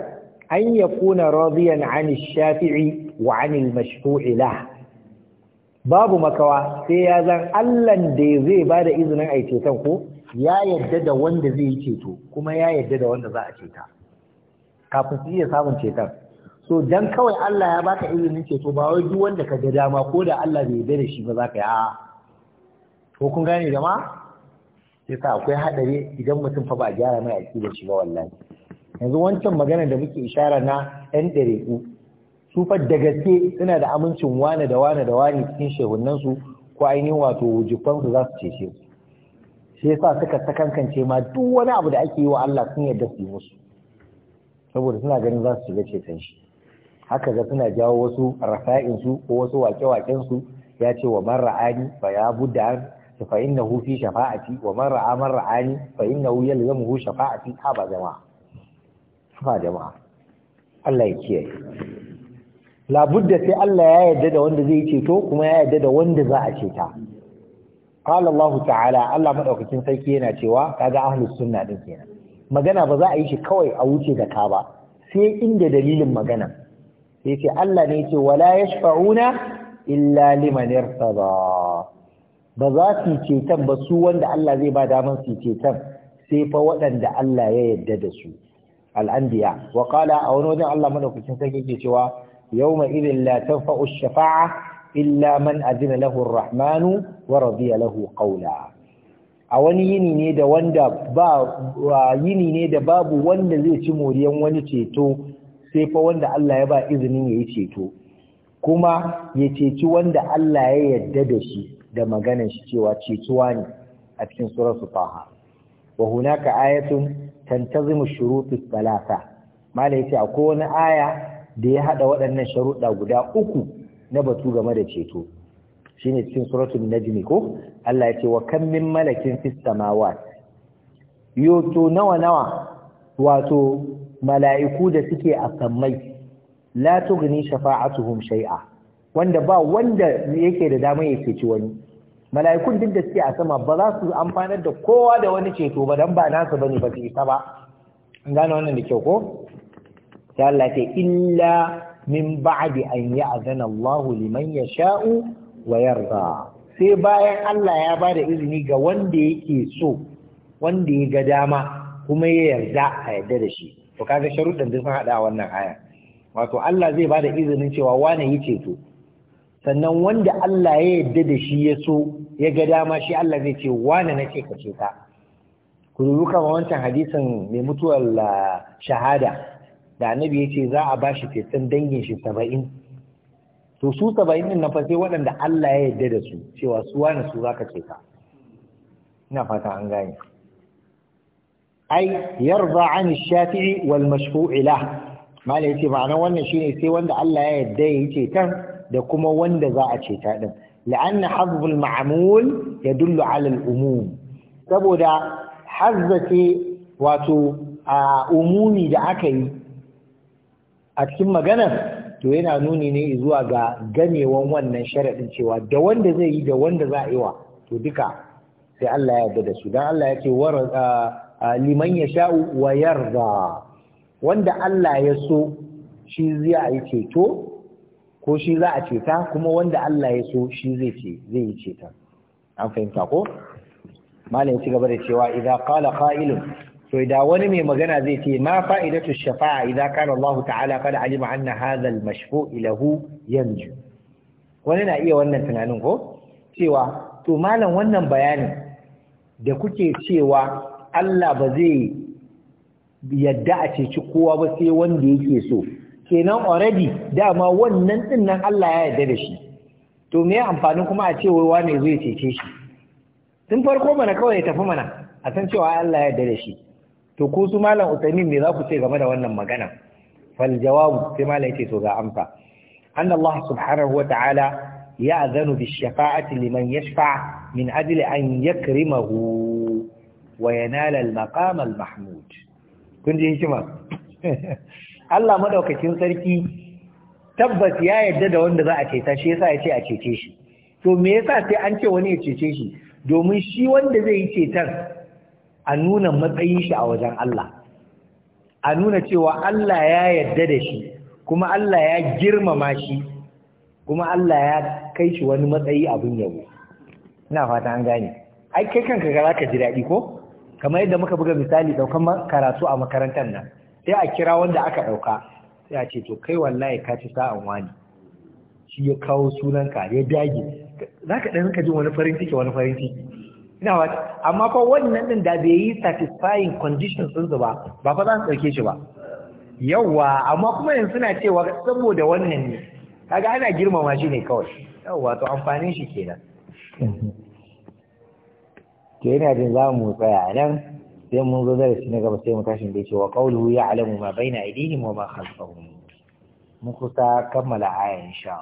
an yakuna radiyan an shafi'i wa an mashfu'i babu makawa sai ya zan Allah da zai bada izinin ai ceton ko ya yadda da wanda zai yi ceto kuma ya yadda da wanda za a ceta kafin su iya samun ceton so dan kawai Allah ya baka izinin ceto ba wai duk wanda ka ga dama ko da Allah bai yarda da shi ba za ka yi a'a ko kun gane jama'a sai sa akwai hadari idan mutum fa ba gyara mai aiki da shi ba wallahi yanzu wancan magana da muke ishara na yan ɗareku su fa da gaske suna da amincin wane da wane da wane cikin shehunan ko ainihin wato wujufan su za su cece su shi yasa suka sakankance ma duk wani abu da ake yi wa Allah sun yarda su yi musu saboda suna ganin za su shiga ceton shi haka ga suna jawo wasu rasa'in su ko wasu wake-waken su ya ce wa man ra'ani fa ya budda fa innahu fi shafa'ati wa man ra'a man ra'ani fa innahu yalzamuhu shafa'ati ha ba jama'a ba jama'a Allah ya kiyaye labudda sai Allah ya yarda da wanda zai ceto kuma ya yarda da wanda za a ceta qala Allah ta'ala Allah madaukakin sarki yana cewa kaga ahlus sunna din kenan magana ba za a yi shi kawai a wuce da ka ba sai inda dalilin magana sai ce Allah ne ce wala yashfa'una illa liman irtada ba za su ceton ba su wanda Allah zai ba damar su ceton sai fa waɗanda Allah ya yarda da su Al'andiya, wa a wani wajen Allah madaukakin sarki yake cewa Yau idhin la tanfa'u shafa'a illa man adina lahu rahmanu wa lahu qawla a wani yini ne da wanda ba yini ne da babu wanda zai ci moriyan wani ceto sai fa wanda Allah ya ba izinin yayi ceto kuma ya ceci wanda Allah ya yarda da shi da maganar shi cewa cetuwa ne a cikin suratul Taha wa hunaka ayatun tantazimu shurutus salasa mala yace akwai wani aya da ya hada waɗannan sharuɗa guda uku na batu game da ceto shine cikin suratul najmi ko Allah yace wa kam min malakin fis samawat yoto nawa nawa wato mala'iku da suke a sammai la tughni shafa'atuhum shay'a wanda ba wanda yake da dama yake ci wani mala'ikun duk da suke a sama ba za su amfanar da kowa da wani ceto ba dan ba nasu bane ba su ba gane wannan da kyau ko ya Allah ce illa min ba'di an ya'zana Allahu liman yasha'u wa yarda sai bayan Allah ya ba da izini ga wanda yake so wanda ya ga dama kuma ya yarda a yarda da shi to kaga sharuɗan duk sun haɗa wannan aya wato Allah zai bada izinin cewa wane yake ceto sannan wanda Allah ya yarda da shi ya so ya ga dama shi Allah zai ce wane na ce ka ce ka ku dubi kama wancan hadisin mai mutuwar ah, shahada da annabi ya ce za a ba shi fesan dangin shi saba'in to su saba'in din na fa sai waɗanda Allah ya yarda da su cewa su wane su za ka ce ka ina fata an gane ai yarda an shafi'i wal mashfu'i lah mala ce ma'ana wannan shine sai wanda Allah ya yarda ya ce tan da kuma wanda za a ce ta din La'ana hazbul ma'amul ya dullu alal umum saboda hazzace wato a umumi da aka yi a cikin maganar to yana nuni ne zuwa ga ganewan wannan sharaɗin cewa da wanda zai yi da wanda za a yi to duka sai Allah ya yarda da su dan Allah ya ce liman ya sha'u wa yarda wanda Allah ya so shi zai yi ceto ko shi za a ceta kuma wanda Allah ya so shi zai ce zai yi ceta an fahimta ko malam ci gaba da cewa idza qala qa'ilun to idan wani mai magana zai ce ma fa'idatu shafa'a idza kana Allah ta'ala qad alima anna hadha al mashfu lahu yanju wani na iya wannan tunanin ko cewa to malam wannan bayanin da kuke cewa Allah ba zai yadda a ceci kowa ba sai wanda yake so kenan already dama wannan din nan Allah ya yarda da shi to me amfanin kuma a ce wai wane zai cece shi tun farko mana kawai ya tafi mana a san cewa Allah ya yarda da shi to ku su malam Uthaymeen me za ku ce game da wannan magana fal jawabu sai malam yace to ga amsa an Allah subhanahu wata'ala ya'zanu bi shafa'ati liman yashfa min ajli an yakrimahu wa yanala al maqam al mahmud kun ji hikima Allah madaukakin sarki tabbas ya yarda da wanda za a ceta shi yasa ya ce a cece shi to me yasa sai an ce wani ya cece shi domin shi wanda zai yi cetar a nuna matsayin shi a wajen Allah a nuna cewa Allah ya yarda da shi kuma Allah ya girmama shi kuma Allah ya kai shi wani matsayi abin yabo ina fata an gane ai kai kanka ga zaka ji daɗi ko kamar yadda muka buga misali daukan karatu a makarantar nan sai a kira wanda aka ɗauka sai a ce to kai wallahi ka ci sa'an wani shi ya kawo sunanka ya dage za ka ɗan jin wani farin ciki wani farin ciki ina wata amma fa wannan ɗin da bai yi satisfying condition sun ba ba fa za su ɗauke shi ba yawwa amma kuma yanzu suna cewa saboda wannan ne kaga ana girmama shi ne kawai yawwa to amfanin shi kenan to yana jin za mu tsaya nan sai mun zo darasi na gaba sai mu tashi da yake wa qawluhu ya'lamu ma baina aydihim wa ma khalfahum mun kusa kammala aya insha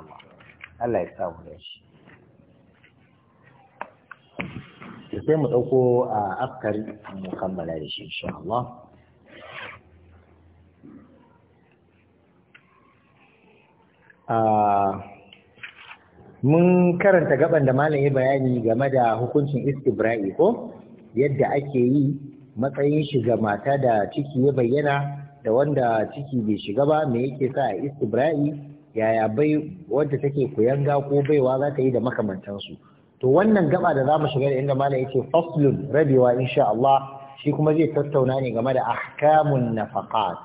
Allah Allah ya sa mu da shi sai mu dauko a afkar mu kammala da shi insha Allah mun karanta gaban da malam ya bayani game da hukuncin istibra'i ko yadda ake yi matsayin shiga mata da ciki ya bayyana da wanda ciki bai shiga ba me yake sa a istibra'i yaya bai wanda take kuyanga ko baiwa za ta yi da makamantansu to wannan gaba da za mu shiga da inda malam yake faslun rabewa insha Allah shi kuma zai tattauna ne game da ahkamun nafaqat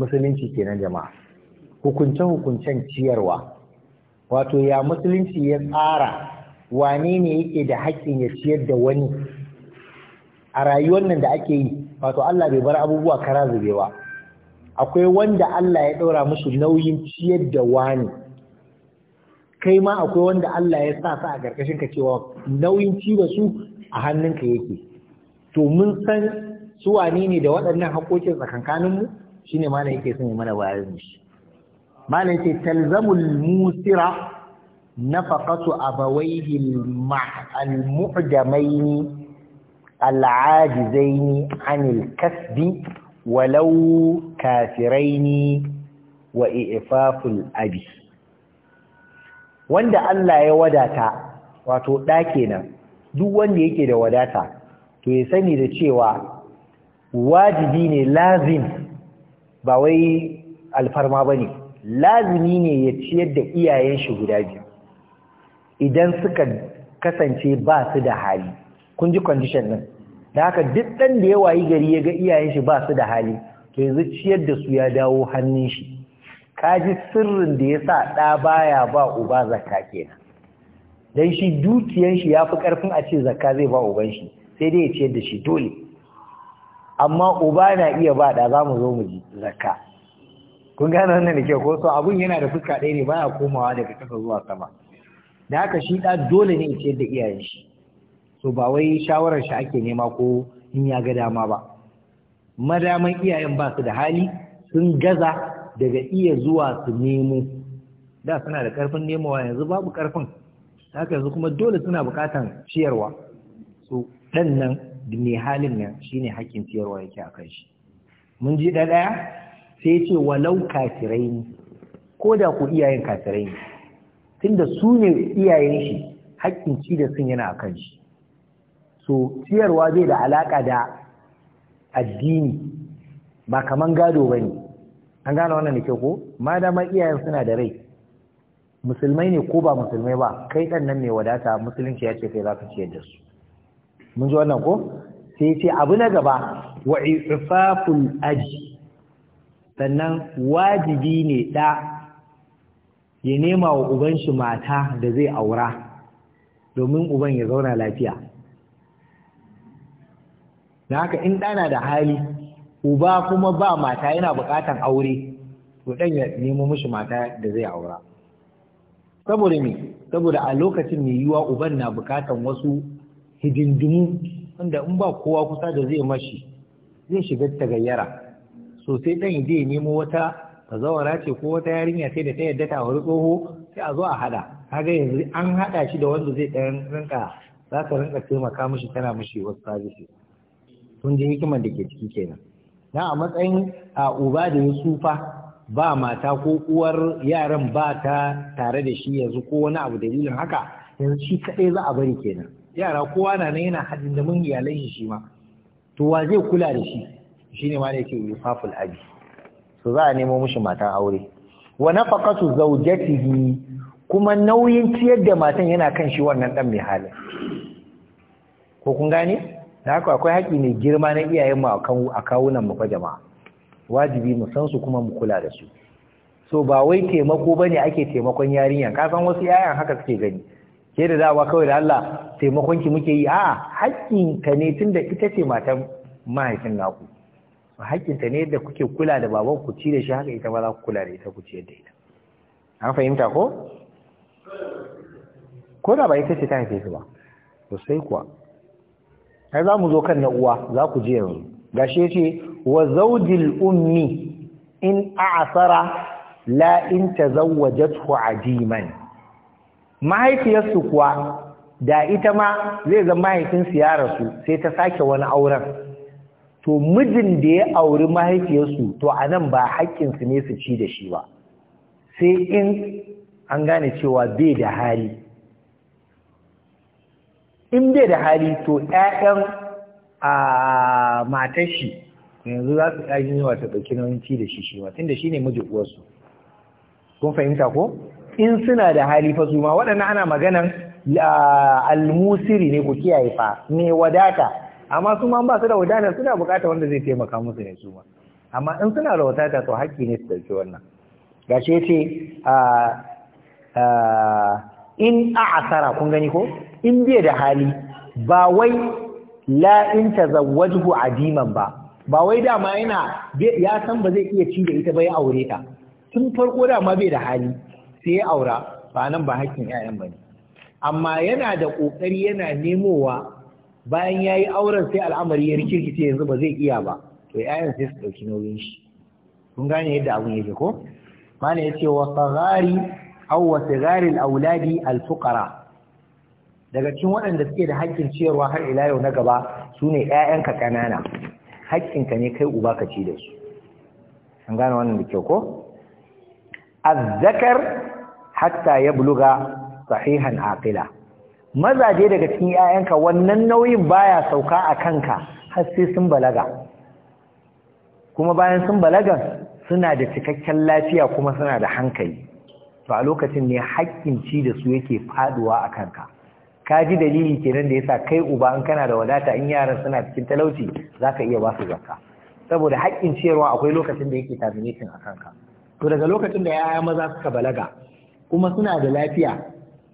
musulunci kenan jama'a hukunce hukuncen ciyarwa wato ya musulunci ya tsara wane ne yake da haƙƙin ya ciyar da wani a rayuwar nan da ake yi wato Allah bai bar abubuwa kara zube ba akwai wanda Allah ya ɗora musu nauyin ciyar da wani kai ma akwai wanda Allah ya sa sa a ƙarƙashin ka cewa nauyin ci da su a hannunka yake to mun san su wane ne da waɗannan haƙoƙin tsakankanin mu shine malam yake son mana bayanin shi malam ce talzamul musira nafaqatu abawayhi al-mu'damaini al'ajizaini anil kasbi walau kafiraini wa i'faful abi wanda Allah ya wadata wato da kenan duk wanda yake da wadata to ya sani da cewa wajibi ne lazim ba wai alfarma ba ne. lazimi ne ya ciyar da iyayen shi guda biyu idan suka kasance ba su da hali kun ji condition din da haka duk dan da ya wayi gari ya ga iyayen shi ba su da hali to yanzu ciyar da su ya dawo hannun shi Ka ji sirrin da ya ɗa baya ba uba zakka kenan dan shi dukiyan shi fi ƙarfin a ce zakka zai ba uban shi sai dai ya ciyar da shi dole amma uba na iya ba da zamu zo mu ji zakka kun gane wannan da kyau ko so abun yana da fuska ɗaya ne baya komawa daga kasa zuwa sama da haka shi ɗa dole ne ya ciyar da iyayen shi so ba wai shawarar shi ake nema ko in ya ga dama ba madaman iyayen ba su da hali sun gaza daga iya zuwa su nemo da suna da karfin nemowa yanzu babu karfin haka yanzu kuma dole suna bukatan ciyarwa so dan nan halin nan shine hakkin ciyarwa yake a kan shi mun ji da daya sai ce walau kafirai ne ko da ku iyayen kafirai ne tunda su ne iyayen shi hakkin ci da sun yana a kan shi To ciyarwa zai da alaƙa da addini ba kaman gado ba ne an gano wannan da kyau ko ma dama iyayen suna da rai musulmai ne ko ba musulmai ba kai ɗan nan mai wadata musulunci ya ce kai za ka ciyar da su mun ji wannan ko sai ce abu na gaba wa ifaful aji sannan wajibi ne ɗa ya nema wa uban shi mata da zai aura domin uban ya zauna lafiya da haka in ɗana da hali uba kuma ba mata yana buƙatan aure to ɗan ya nemo mishi mata da zai aura saboda me saboda a lokacin mai yiwuwa uban na buƙatan wasu hidindimu wanda in ba kowa kusa da zai mashi zai shiga tagayyara so sai ɗan ya nemo wata zawara ce ko wata yarinya sai da ta yadda ta auri tsoho sai a zo a haɗa. kaga yanzu an haɗa shi da wanda zai ɗan rinka za ka rinka taimaka mishi tana mishi wasu sabisi kun ji hikimar da ke ciki kenan na a matsayin a uba da ya sufa ba mata ko uwar yaran ba ta tare da shi yanzu ko wani abu dalilin haka yanzu shi kaɗai za a bari kenan yara kowa na nan yana hajjin da mun iyalan shi shi ma to wa zai kula da shi Shi ne ma da yake yufaful abi so za a nemo mishi matan aure wa nafaqatu zawjatihi kuma nauyin ciyar da matan yana kan shi wannan dan mai halin ko kun gane da haka akwai haƙi mai girma na iyayenmu a kawunan mu fa jama'a wajibi mu san su kuma mu kula da su so ba wai taimako bane ake taimakon yarinya ka san wasu yayan haka suke gani ke da dawa kawai da Allah taimakon ki muke yi a'a haƙin ka ne tunda ita ce matan mahaifin naku haƙin ta ne da kuke kula da baban ku ci da shi haka ita ba za ku kula da ita ku ci da ita an fahimta ko ko da ba ita ce ta haife ba ba sai kuwa kai za mu zo kan na uwa za ku je yanzu Gashe yace wa zawjil ummi in a'sara la in tazawwajathu adiman mahaifiyarsu kuwa da ita ma zai zama mahaifinsu ya rasu sai ta sake wani auren to mijin da ya auri mahaifiyarsu to a nan ba haƙƙinsu ne su ci da shi ba sai in an gane cewa bai da hali in bai da hali to ƴaƴan a matar shi yanzu za su ɗaji ne wata ɗauki nauyin ci da shi shi ma tunda shi ne mijin uwarsu kun fahimta ko in suna da hali fa su ma waɗannan ana maganan almusiri ne ku kiyaye fa ne wadata amma su ma ba su da wadata suna bukata wanda zai taimaka musu ne su amma in suna da wadata to haƙƙi ne su ɗauki wannan gashi ce, in a asara kun gani ko in bai da hali ba wai la in tazawwajhu adiman ba ba wai dama yana ya san ba zai iya ci da ita ba ya aure ta tun farko dama bai da hali sai ya aura ba nan ba hakkin ƴaƴan bane amma yana da kokari yana nemowa bayan yayi auren sai al'amari ya rikirkice yanzu ba zai iya ba to ƴaƴan sai su dauki nauyin shi kun gane yadda abun yake ko mana yace wa sagari aw wa sagari al-auladi al-fuqara daga cikin waɗanda suke da haƙƙin ciyarwa har ila yau na gaba su ne ‘ya'yanka ƙanana haƙƙinka ne kai uba ka ci da su an gane wannan da kyau ko? azzakar hatta ya buluga sahihan aqila mazaje daga cikin ƴaƴanka wannan nauyin baya sauka a kanka har sai sun balaga kuma bayan sun balaga suna da cikakken lafiya kuma suna da hankali to a lokacin ne haƙƙin ci da su yake faduwa a kanka ka ji dalili kenan da yasa kai uba in kana da wadata in yaran suna cikin talauci zaka iya ba su zakka saboda haƙƙin ciyarwa akwai lokacin da yake terminating a kanka to daga lokacin da yaya maza suka balaga kuma suna da lafiya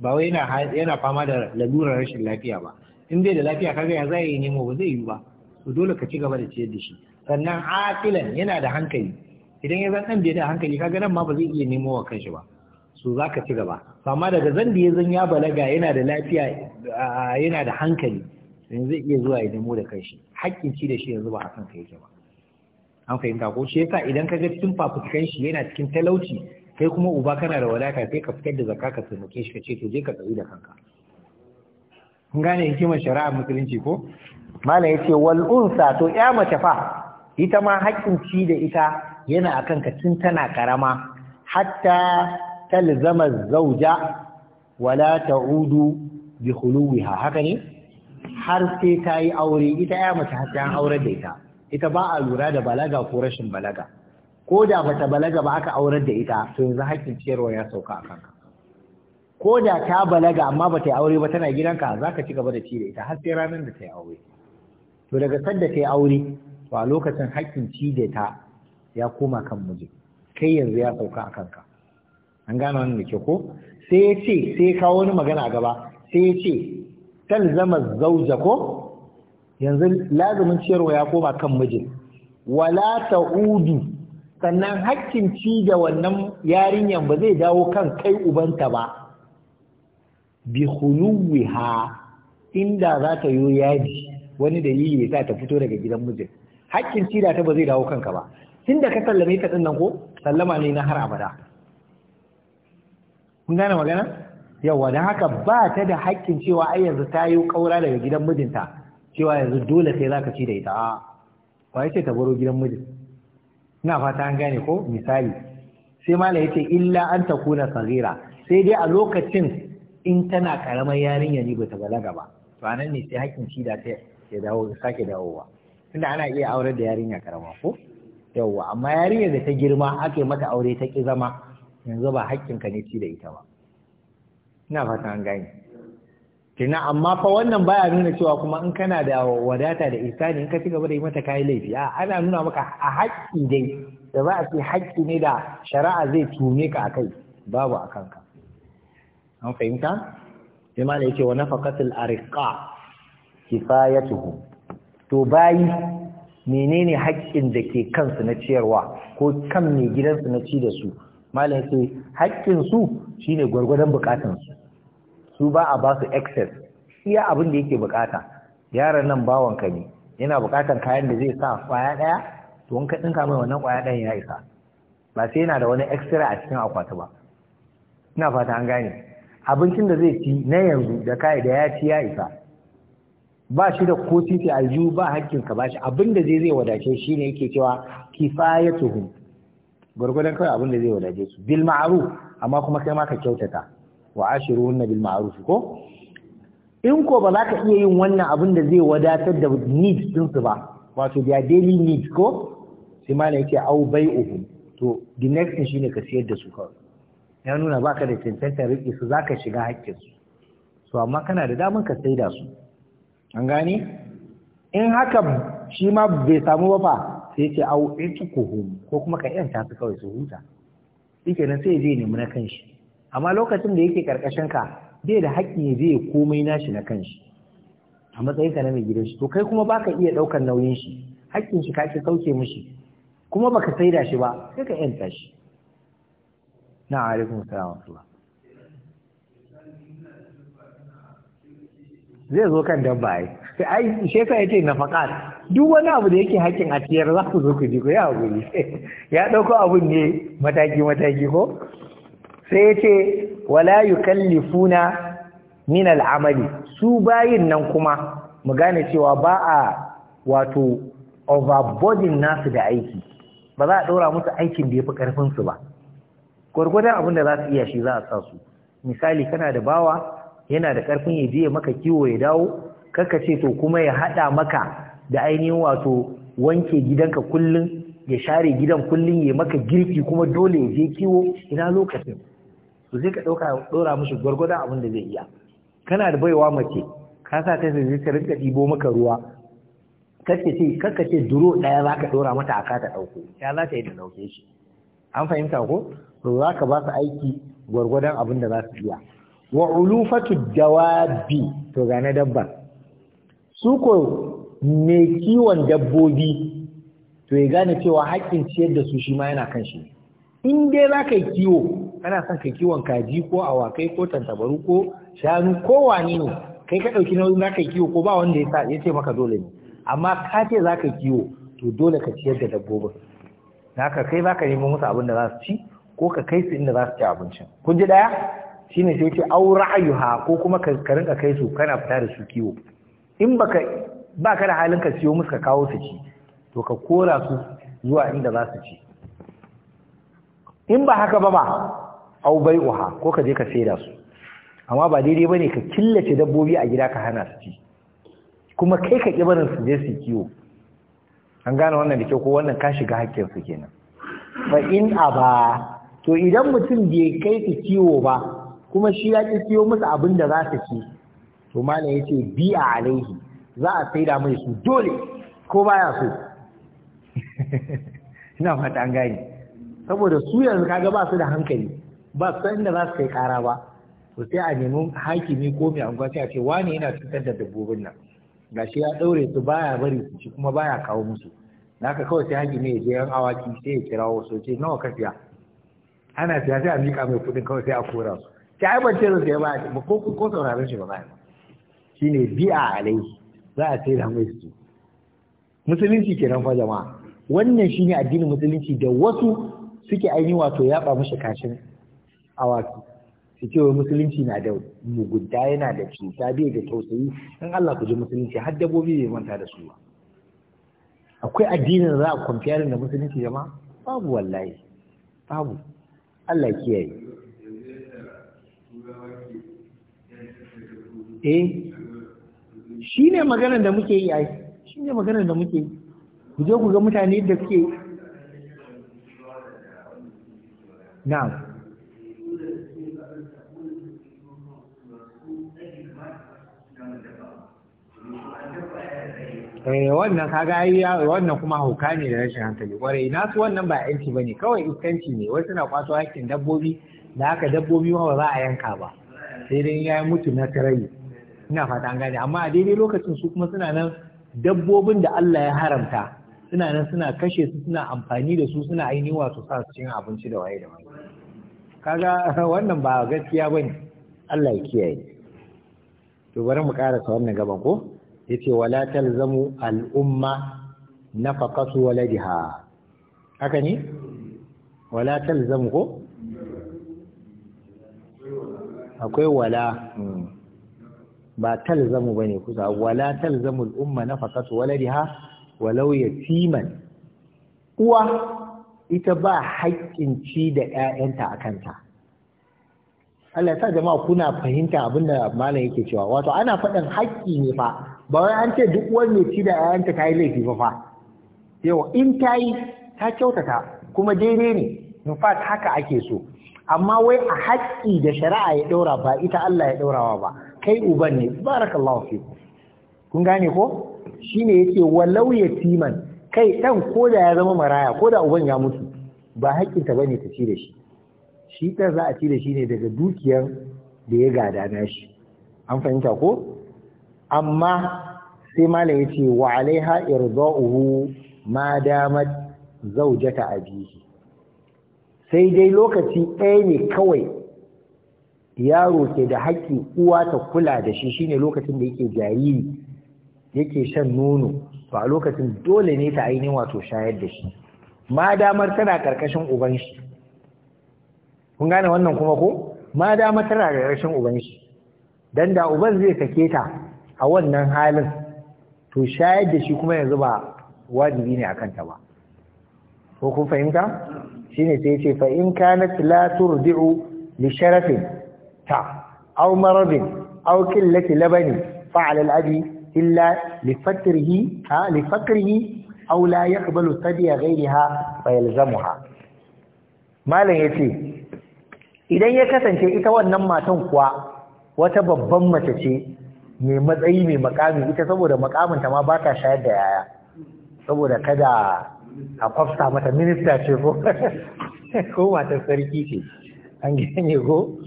ba wai yana yana fama da lalurar rashin lafiya ba in dai da lafiya kaga ya zai yi nemo ba zai yi ba to dole ka ci gaba da ciyar da shi sannan aqilan yana da hankali idan ya zan dan bai da hankali kaga nan ma ba zai iya nemo wa kanshi ba Su za ka ci gaba amma daga zan da ya zan ya balaga yana da lafiya yana da hankali yanzu zai iya zuwa ya nemo da kanshi haƙƙin ci da shi yanzu ba a san ka yake ba an fahimta ko shi yasa idan ka ga cikin fafutukan shi yana cikin talauci kai kuma uba kana da wadata sai ka fitar da zakka ka taimake shi ka ce to je ka tsayi da kanka kun gane hikimar shari'a musulunci ko malam yace wal unsa to ya mace fa ita ma haƙƙin ci da ita yana akan ka tun tana karama hatta talzama zauja wala ta'udu bi khuluwiha haka ne har sai ta yi aure ita ya mace har sai aure da ita ita ba a lura da balaga ko rashin balaga ko da bata balaga ba aka aure da ita to yanzu hakkin ciyarwa ya sauka a kanka ko da ta balaga amma bata yi aure ba tana gidanka za ka ci gaba da ci da ita har sai ranar da ta yi aure to daga sanda ta yi aure to a lokacin hakkin ci da ta ya koma kan miji kai yanzu ya sauka a kanka an gane wannan da ke ko sai ya ce sai ya kawo wani magana a gaba sai ce zama zauja ko yanzu lazumin ciyarwa ya koma kan mijin wala ta'udu sannan hakkin ci da wannan yarinyan ba zai dawo kan kai ubanta ba bi inda za ta yi yaji wani dalili ya sa ta fito daga gidan mijin hakkin ci da ta ba zai dawo kanka ba da ka sallame ta dinnan ko sallama ne na har abada kun gane magana yawa don haka ba ta da haƙƙin cewa ai yanzu ta yi ƙaura daga gidan mijinta cewa yanzu dole sai za ka ci da ita a ba ya ce ta baro gidan mijin ina fata an gane ko misali sai mala ya ce illa an ta kuna sagira sai dai a lokacin in tana karamar yarinya ne bata balaga ba to anan ne sai haƙƙin ci da ta ya dawo sake dawowa tunda ana iya aurar da yarinya karama ko yawa amma yarinyar da ta girma ake mata aure ta ki zama yanzu ba haƙƙinka ne ci da ita ba ina fata an gani kina amma fa wannan baya nuna cewa kuma in kana da wadata da isani in ka ci gaba da yi mata kai laifi a ana nuna maka a haƙƙi dai da za a ce haƙƙi ne da shari'a zai tume ka akai kai babu a kanka an fahimta sai ma ne yake wa nafaqatul ariqa kifayatuhu to bayi menene haƙƙin da ke kansu na ciyarwa ko kan mai gidansu na ci da su malam sai haƙƙin su Shi ne gwargwadon bukatun su su ba a ba su excess iya abin da yake bukata yaron nan bawon ne yana bukatan kayan da zai sa kwaya daya to in ka dinka mai wannan kwaya ɗayan ya isa ba sai yana da wani extra a cikin akwati ba ina fata an gane abincin da zai ci na yanzu da kai da ya ci ya isa ba shi da ko titi aljihu ba hakkin ka ba shi abin da zai zai wadace shi ne yake cewa kifayatuhum gurgurdan kawai abin da zai wadace su bil ma'ruf amma kuma kai ma ka kyautata wa ashiruhunna bil ma'ruf ko in ko ba za ka iya yin wannan abin da zai wadatar da needs din su ba wato their daily needs ko sai ne yake au bai'uhum to the next thing shine ka siyar da su kawai ya nuna baka da cancantar riƙe su zaka shiga hakkin su so amma kana da daman ka saida su an gane in haka shi ma bai samu ba fa sai ce au itukuhum ko kuma ka yanta su kawai su huta yake nan sai zai nemi na kanshi amma lokacin da yake karkashin ka bai da haƙƙi zai komai nashi na kanshi a matsayin ka na mai gidan shi to kai kuma baka iya ɗaukar nauyin shi haƙƙin shi kake sauke mishi kuma baka saida shi ba sai ka yanta shi na alaikum salam zai zo kan dabba ai sai ai shi yace nafaqat duk wani abu da yake haƙƙin a tiyar za ku zo ku ji ku ya guri ya ɗauko abun ne mataki mataki ko sai ya ce wala funa min al'amali su bayin nan kuma mu gane cewa ba a wato overbodin nasu da aiki ba za a ɗora musu aikin da ya fi ƙarfinsu ba gwargwadon abin da za su iya shi za a sa su misali kana da bawa yana da ƙarfin ya je maka kiwo ya dawo kaka ce to kuma ya haɗa maka da ainihin wato wanke gidanka kullum ya share gidan kullum ya maka girki kuma dole ya je kiwo ina lokacin to sai ka ɗauka ɗora mashi gwargwadon abin da zai iya kana da baiwa mace ka sa ta sai ta rinka ɗibo maka ruwa kake ce kaka ce duro ɗaya za ka ɗora mata a ta ɗauko ya za ta yi da ɗauke shi an fahimta ko to za ka ba su aiki gwargwadon abin da za su iya wa ulufatu dawabi to gane dabba su ko mai kiwon dabbobi to ya gane cewa haƙƙin ciyar da su shi ma yana kan shi in dai za ka yi kiwo kana son ka kiwon kaji ko awakai ko tantabaru ko shanu ko wani ne kai ka ɗauki nauyin za ka yi kiwo ko ba wanda ya sa ya ce maka dole ne amma ka ce za ka yi kiwo to dole ka ciyar da dabbobin naka kai za ka nemo musu abin da za su ci ko ka kai su inda za su ci abincin kun ji ɗaya ne sai ce aura ra'ayuha ko kuma ka rinka kai su kana fita da su kiwo in baka ba ka da halin ka siyo musu ka kawo su ci to ka kora su zuwa inda za su ci in ba haka ba ba au bai uha ko ka je ka saida su amma ba daidai ba ne ka killace dabbobi a gida ka hana su ci kuma kai ka kibarin su je su kiwo an gane wannan da kyau ko wannan ka shiga hakkin su kenan ba in ba, to idan mutum bai kai ka kiwo ba kuma shi ya ki kiwo musu abin da za su ci to malam yace bi a alaihi za a saida mai su dole ko baya so ina fata an gane saboda su yanzu kaga ba su da hankali ba san inda za su kai kara ba to sai a nemi hakimi ko mai anguwa sai a ce wane yana cutar da dabbobin nan gashi ya daure su baya bari su ci kuma baya kawo musu naka kawai sai hakimi ya je yan awaki sai ya kira wasu ce nawa ka siya ana siya sai a mika mai kuɗin kawai sai a kora su sai ai ban ce su ya ba ko ko sauraron shi ba ba shine bi'a alaihi za a sai da mai su musulunci kenan fa jama'a wannan shine addinin musulunci da wasu suke aini wato yaba mashi kashin awaki su ce musulunci na da mugunta yana da cuta bai da tausayi in Allah ku ji musulunci har dabbobi bai manta da su ba akwai addinin da za a kwamfiyarin da musulunci jama'a babu wallahi babu Allah kiyaye eh shi ne maganar da muke yi yi shi ne maganar da muke yi ku je ku ga mutane da suke na'am eh wannan kaga ya? wannan kuma hauka ne da rashin hankali kwarai na su wannan ba yanki bane kawai iskanci ne wasu na kwaso hakkin dabbobi da haka dabbobi ma ba za a yanka ba sai dai ya mutu na tarayi ina fata an gane amma a daidai lokacin su kuma suna nan dabbobin da Allah ya haramta suna nan suna kashe su suna amfani da su suna ainihin wato sa su cin abinci da waye da waye kaga wannan ba gaskiya bane Allah ya kiyaye to bari mu karasa wannan gaban ko yace wala talzamu al umma nafaqatu waladiha haka ne wala talzamu ko akwai wala hmm. ba talzamu bane kusa wala talzamu al-umma nafaqatu waladiha walau yatiman uwa ita ba haƙƙin ci da 'ya'yanta a kanta Allah ya sa jama'a kuna fahimta abinda malam yake cewa wato ana faɗin haƙƙi ne fa ba wai an ce duk wani mai ci da ƴaƴanta ta yi laifi ba fa yau in ta yi ta kyautata kuma daidai ne in fact haka ake so amma wai a haƙƙi da shari'a ya ɗaura ba ita Allah ya ɗaurawa ba kai uban ne barakallahu fi kun gane ko shine yake walau yatiman kai dan koda ya zama maraya koda uban ya mutu ba ta bane ta ci da shi shi ɗan za a ci da shi ne daga dukiyar da ya gada na shi an fahimta ko amma sai malam yace wa alaiha irda'uhu ma damat zaujata abihi sai dai lokaci ɗaya ne kawai yaro ke da haƙƙi uwa ta kula da shi shine lokacin da yake jariri yake shan nono to a lokacin dole ne ta ainihin wato shayar da shi ma damar tana ƙarƙashin uban shi kun gane wannan kuma ko ma damar tana ƙarƙashin uban shi dan da uban zai sake ta a wannan halin to shayar da shi kuma yanzu ba wajibi ne akan ta ba ko kun fahimta shine sai ya ce fa in kanat la turdi'u li sharafin ta aw maradin aw qillati labani fa 'ala al-abi illa li fatrihi ha li fakrihi aw la yaqbalu tadiya ghayriha fa yalzamuha malan yace idan ya kasance ita wannan matan kuwa wata babban mace ce mai matsayi mai makami ita saboda makamin ta ma ba ta shayar da yaya saboda kada a kwafta mata minista ce ko ko matar sarki ce an gane ko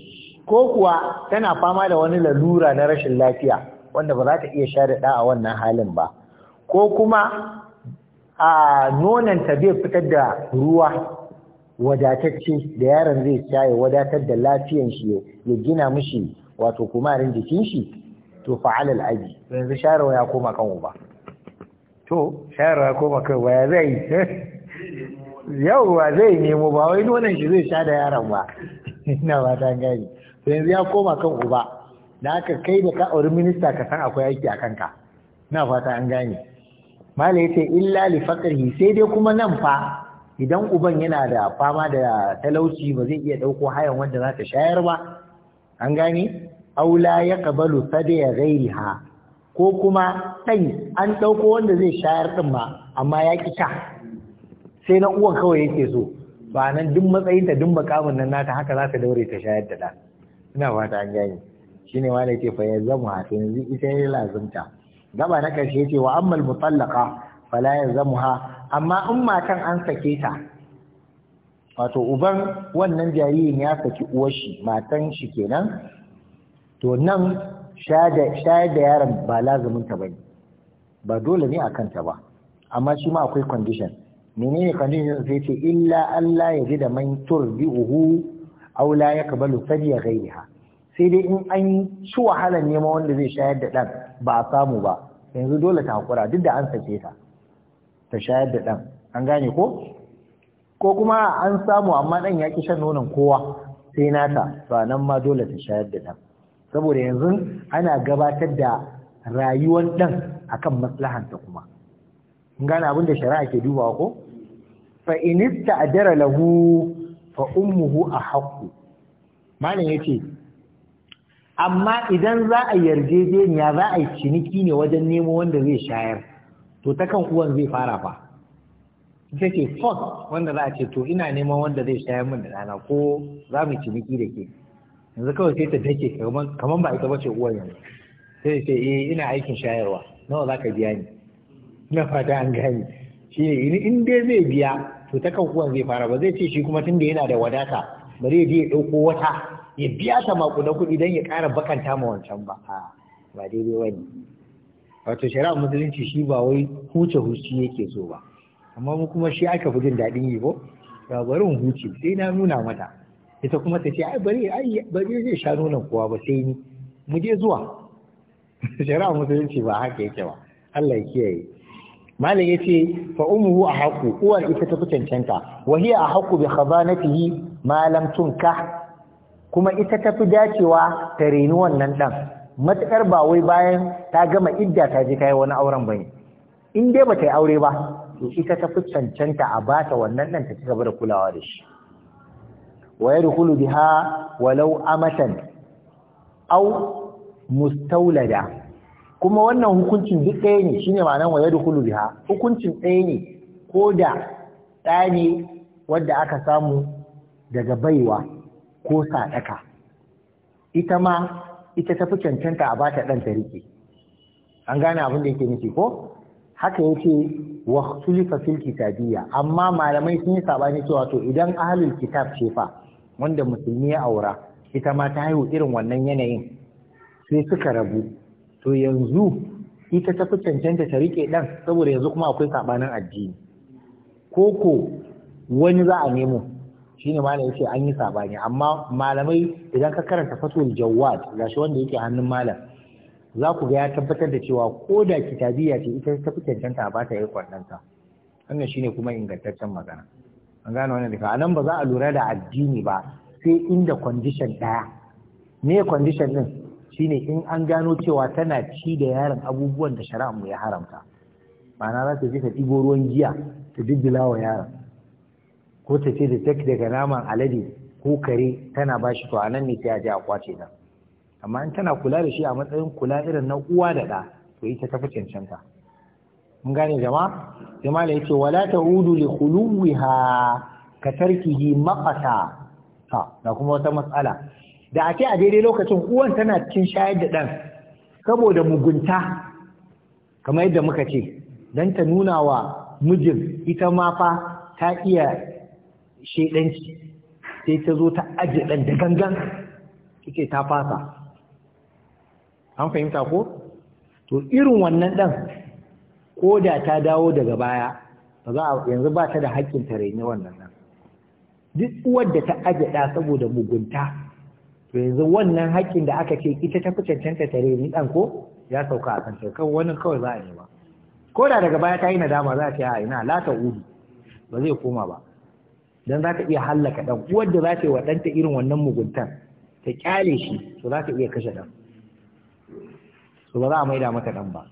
ko kuwa tana fama da wani lalura na rashin lafiya wanda ba za ta iya sha da a wannan halin ba ko kuma a nonanta zai fitar da ruwa wadatacce da yaron zai sha wadatar da lafiyan shi ya gina mishi wato kumarin jikin shi to fa'alal aji yanzu shayarwa ya koma kan uba to shayarwa ya koma kan uba ya zai yauwa zai nemo ba wai nonon shi zai sha da yaron ba ina ba ta gani yanzu ya koma kan uba da aka kai da ka auri minista ka san akwai aiki a kanka na fata an gane mala ce, illa li faqrihi sai dai kuma nan fa idan uban yana da fama da talauci ba zai iya ɗauko hayan wanda za ta shayar ba an gane aula ya kabalu ya gairi ha, ko kuma ɗan an ɗauko wanda zai shayar ɗin ma amma ya ƙi ta, sai na uwan kawai yake so ba nan duk matsayin ta duk makamin nan nata haka za ta daure ta shayar da ɗan ina fata an gane shine ma da yake fa yazamu haka yanzu ita ne lazumta gaba na karshe ce wa malmu tsallaka, fala ha, amma in matan an sake ta wato uban wannan jaririn ya saki uwar shi matan shi kenan to nan shayar da yaron ba lazumin ta bane ba dole ne a kanta ba amma shi ma akwai condition menene condition sai ce illa Allah ya ji da man uhu? aw la yakbalu fadiya ghayriha sai dai in an ci wahalar neman wanda zai shayar da dan ba a samu ba yanzu dole ta haƙura duk da an sake ta ta shayar da dan an gane ko ko kuma an samu amma dan ya ki shan nonon kowa sai nata ba nan ma dole ta shayar da dan saboda yanzu ana gabatar da rayuwar dan akan maslahanta kuma gane abin da shari'a ke dubawa ko Fa'inista a ajara lahu fa ummuhu ahqqu malam ce. amma idan za a yarjejeniya za a yi ciniki ne wajen nemo wanda zai shayar to ta kan uwan zai fara fa ita ce fos, wanda za a ce to ina neman wanda zai shayar min da ɗana ko za mu ciniki da ke yanzu kawai sai ta dake kamar ba ita ba ce uwan yanzu sai ce eh ina aikin shayarwa nawa za ka biya ni ina fata an gani. shi ne in dai zai biya to ta kan zai fara ba zai ce shi kuma tunda yana da wadata bari ya je ya ɗauko wata ya biya ta na kuɗi don ya ƙara bakanta ma wancan ba a ba daidai wani wato shari'a musulunci shi ba wai huce huci yake so ba amma mu kuma shi aka fi jin daɗin yi ko ba bari mu huce sai na nuna mata ita kuma ta ce ai bari ai bari zai sha nonon kowa ba sai ni mu je zuwa shari'a musulunci ba haka yake ba Allah ya kiyaye malam yace fa a haƙu, uwar ita ta fi cancanta wahiya hiya ahaqu bi na ma lam tunka kuma ita ta fi dacewa ta reni wannan dan matakar ba wai bayan ta gama idda ta je kai wani auren bane in dai ba ta yi aure ba to ita ta fi cancanta a bata wannan dan ta ci gaba da kulawa da shi wa yadkhulu biha walau amatan au mustaulada kuma wannan hukuncin duk ɗaya ne shine ma'anar wa yadkhulu biha hukuncin ɗaya ne ko da ɗaya ne wanda aka samu daga baiwa ko saɗaka? ita ma ita tafi cancanta a bata ɗan ta riƙe. an gane abin da yake nufi ko haka yace wa sulifa fil kitabiyya amma malamai sun yi sabani cewa to idan ahlul kitab ce fa wanda musulmi ya aura ita ma ta haihu irin wannan yanayin sai suka rabu to yanzu ita ta fi cancanta ta rike ɗan saboda yanzu kuma akwai saɓanin addini ko ko wani za a nemo shi ne malam yace an yi saɓani amma malamai idan ka karanta fatul jawad gashi wanda yake hannun malam za ku ga ya tabbatar da cewa ko da kitabiya ce ita ta fi cancanta ba ta yi kwanɗanta wannan shine kuma ingantaccen magana an gane wannan A nan ba za a lura da addini ba sai inda kwandishan ɗaya me kwandishan ɗin shine in an gano cewa tana ci da yaron abubuwan da shari'a mu ya haramta ma'ana za ta je ta ɗibo ruwan giya ta dubbila wa yaron ko ta ce da take daga naman alade ko kare tana ba shi to a nan ne ta a je a kwace ta amma in tana kula da shi a matsayin kula irin na uwa da ɗa to ita ta fi cancanta mun gane jama'a sai malam yace wala ta'udu li khuluwiha ka tarkihi maqata ha da kuma wata matsala da a ce a daidai lokacin uwan tana cikin shayar da ɗan saboda mugunta kamar yadda muka ce don ta nuna wa mijin ita ma fa ta iya shaidanci sai ta zo ta ajiye ɗan da gangan take ta fasa an fahimta ko to irin wannan ɗan ko da ta dawo daga baya ba za a yanzu ba ta da haƙƙin ta raini wannan ɗan duk uwar da ta ajiye ɗa saboda mugunta to yanzu wannan haƙƙin da aka ce ita ta fi cancanta tare ni ɗan ko ya sauka a kanta kawai wani kawai za a yi ba ko da daga baya ta yi nadama za ta yi a ina lata ba zai koma ba dan za ta iya hallaka ɗan uwar da za ta yi wa ɗanta irin wannan muguntan ta kyale shi to za ta iya kashe ɗan to ba za a maida mata ɗan ba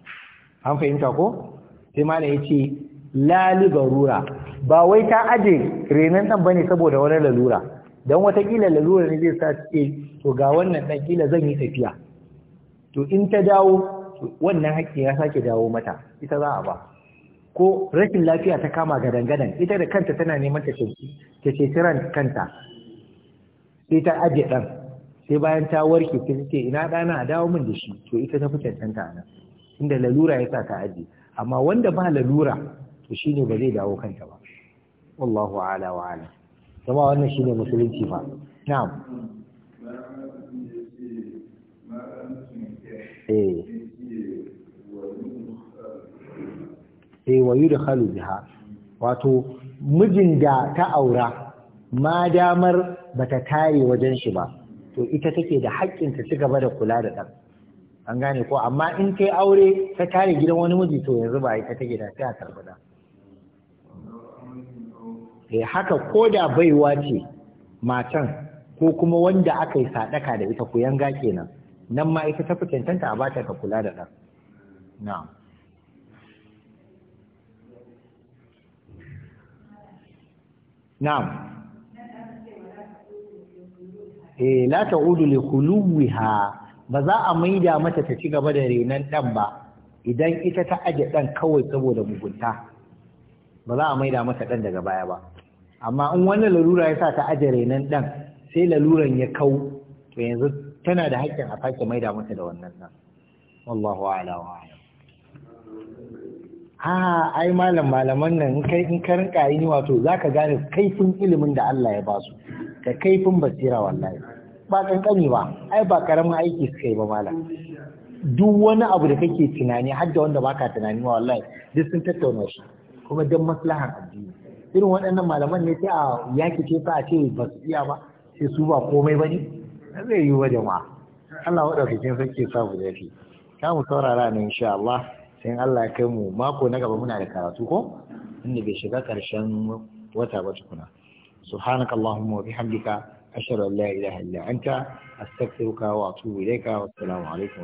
an fahimta ko sai malam ya ce lalibarura ba wai ta aje renon ɗan bane saboda wani lalura don watakila lalura ne zai sa ce to ga wannan ɗan kila zan yi tafiya to in ta dawo wannan haƙƙi ya sake dawo mata ita za a ba ko rashin lafiya ta kama ga dangadan ita da kanta tana neman ta ce ta kanta sai ta aje ɗan sai bayan ta warke ta ce ina ɗana a dawo min da shi to ita ta fi cancanta a nan inda lalura ya sa ta aje amma wanda ba lalura to shine ba zai dawo kanta ba wallahu ala wa ala kuma wannan ne musulunci fa Na. E eh. eh, wayu da halu biha wato mijin da ta aura ma damar bata tare wajen shi ba to ita take da haƙƙin ta ci gaba da kula da ɗan an gane ko amma in ta aure ta tare gidan wani miji to yanzu ba ita take da sai a ɗan eh haka koda baiwa ce matan ko kuma wanda aka yi sadaka da ita ku yanga kenan nan ma ita ta fice a bata ka kula da ɗan na'am na'am eh la ta'udu li khuluwha ba za a maida mata ta ci gaba da renan ɗan ba idan ita ta aje ɗan kawai saboda mugunta ba za a maida masa ɗan daga baya ba amma in wannan lalura ya sa ta ajare nan ɗan sai laluran ya kau to yanzu tana da haƙƙin a sake maida masa da wannan ɗan wallahu ala wa ha ai malam malaman nan in kai in karin rinka yi wato zaka gane kaifin ilimin da Allah ya basu da kaifin basira wallahi ba kankani ba ai ba karamin aiki suka yi ba malam duk wani abu da kake tunani har da wanda baka tunani ma wallahi duk sun tattauna shi kuma don maslahan addini irin waɗannan malaman ne sai a yaki ce fa a ce ba su iya ba sai su ba komai ba ne na zai yi wajen jama'a Allah sun sarki sa mu zafi ta mu saurara ne insha Allah sai Allah ya kai mu mako na gaba muna da karatu ko inda bai shiga ƙarshen wata ba tukuna سبحانك اللهم وبحمدك أشهد أن لا إله إلا أنت أستغفرك وأتوب إليك والسلام عليكم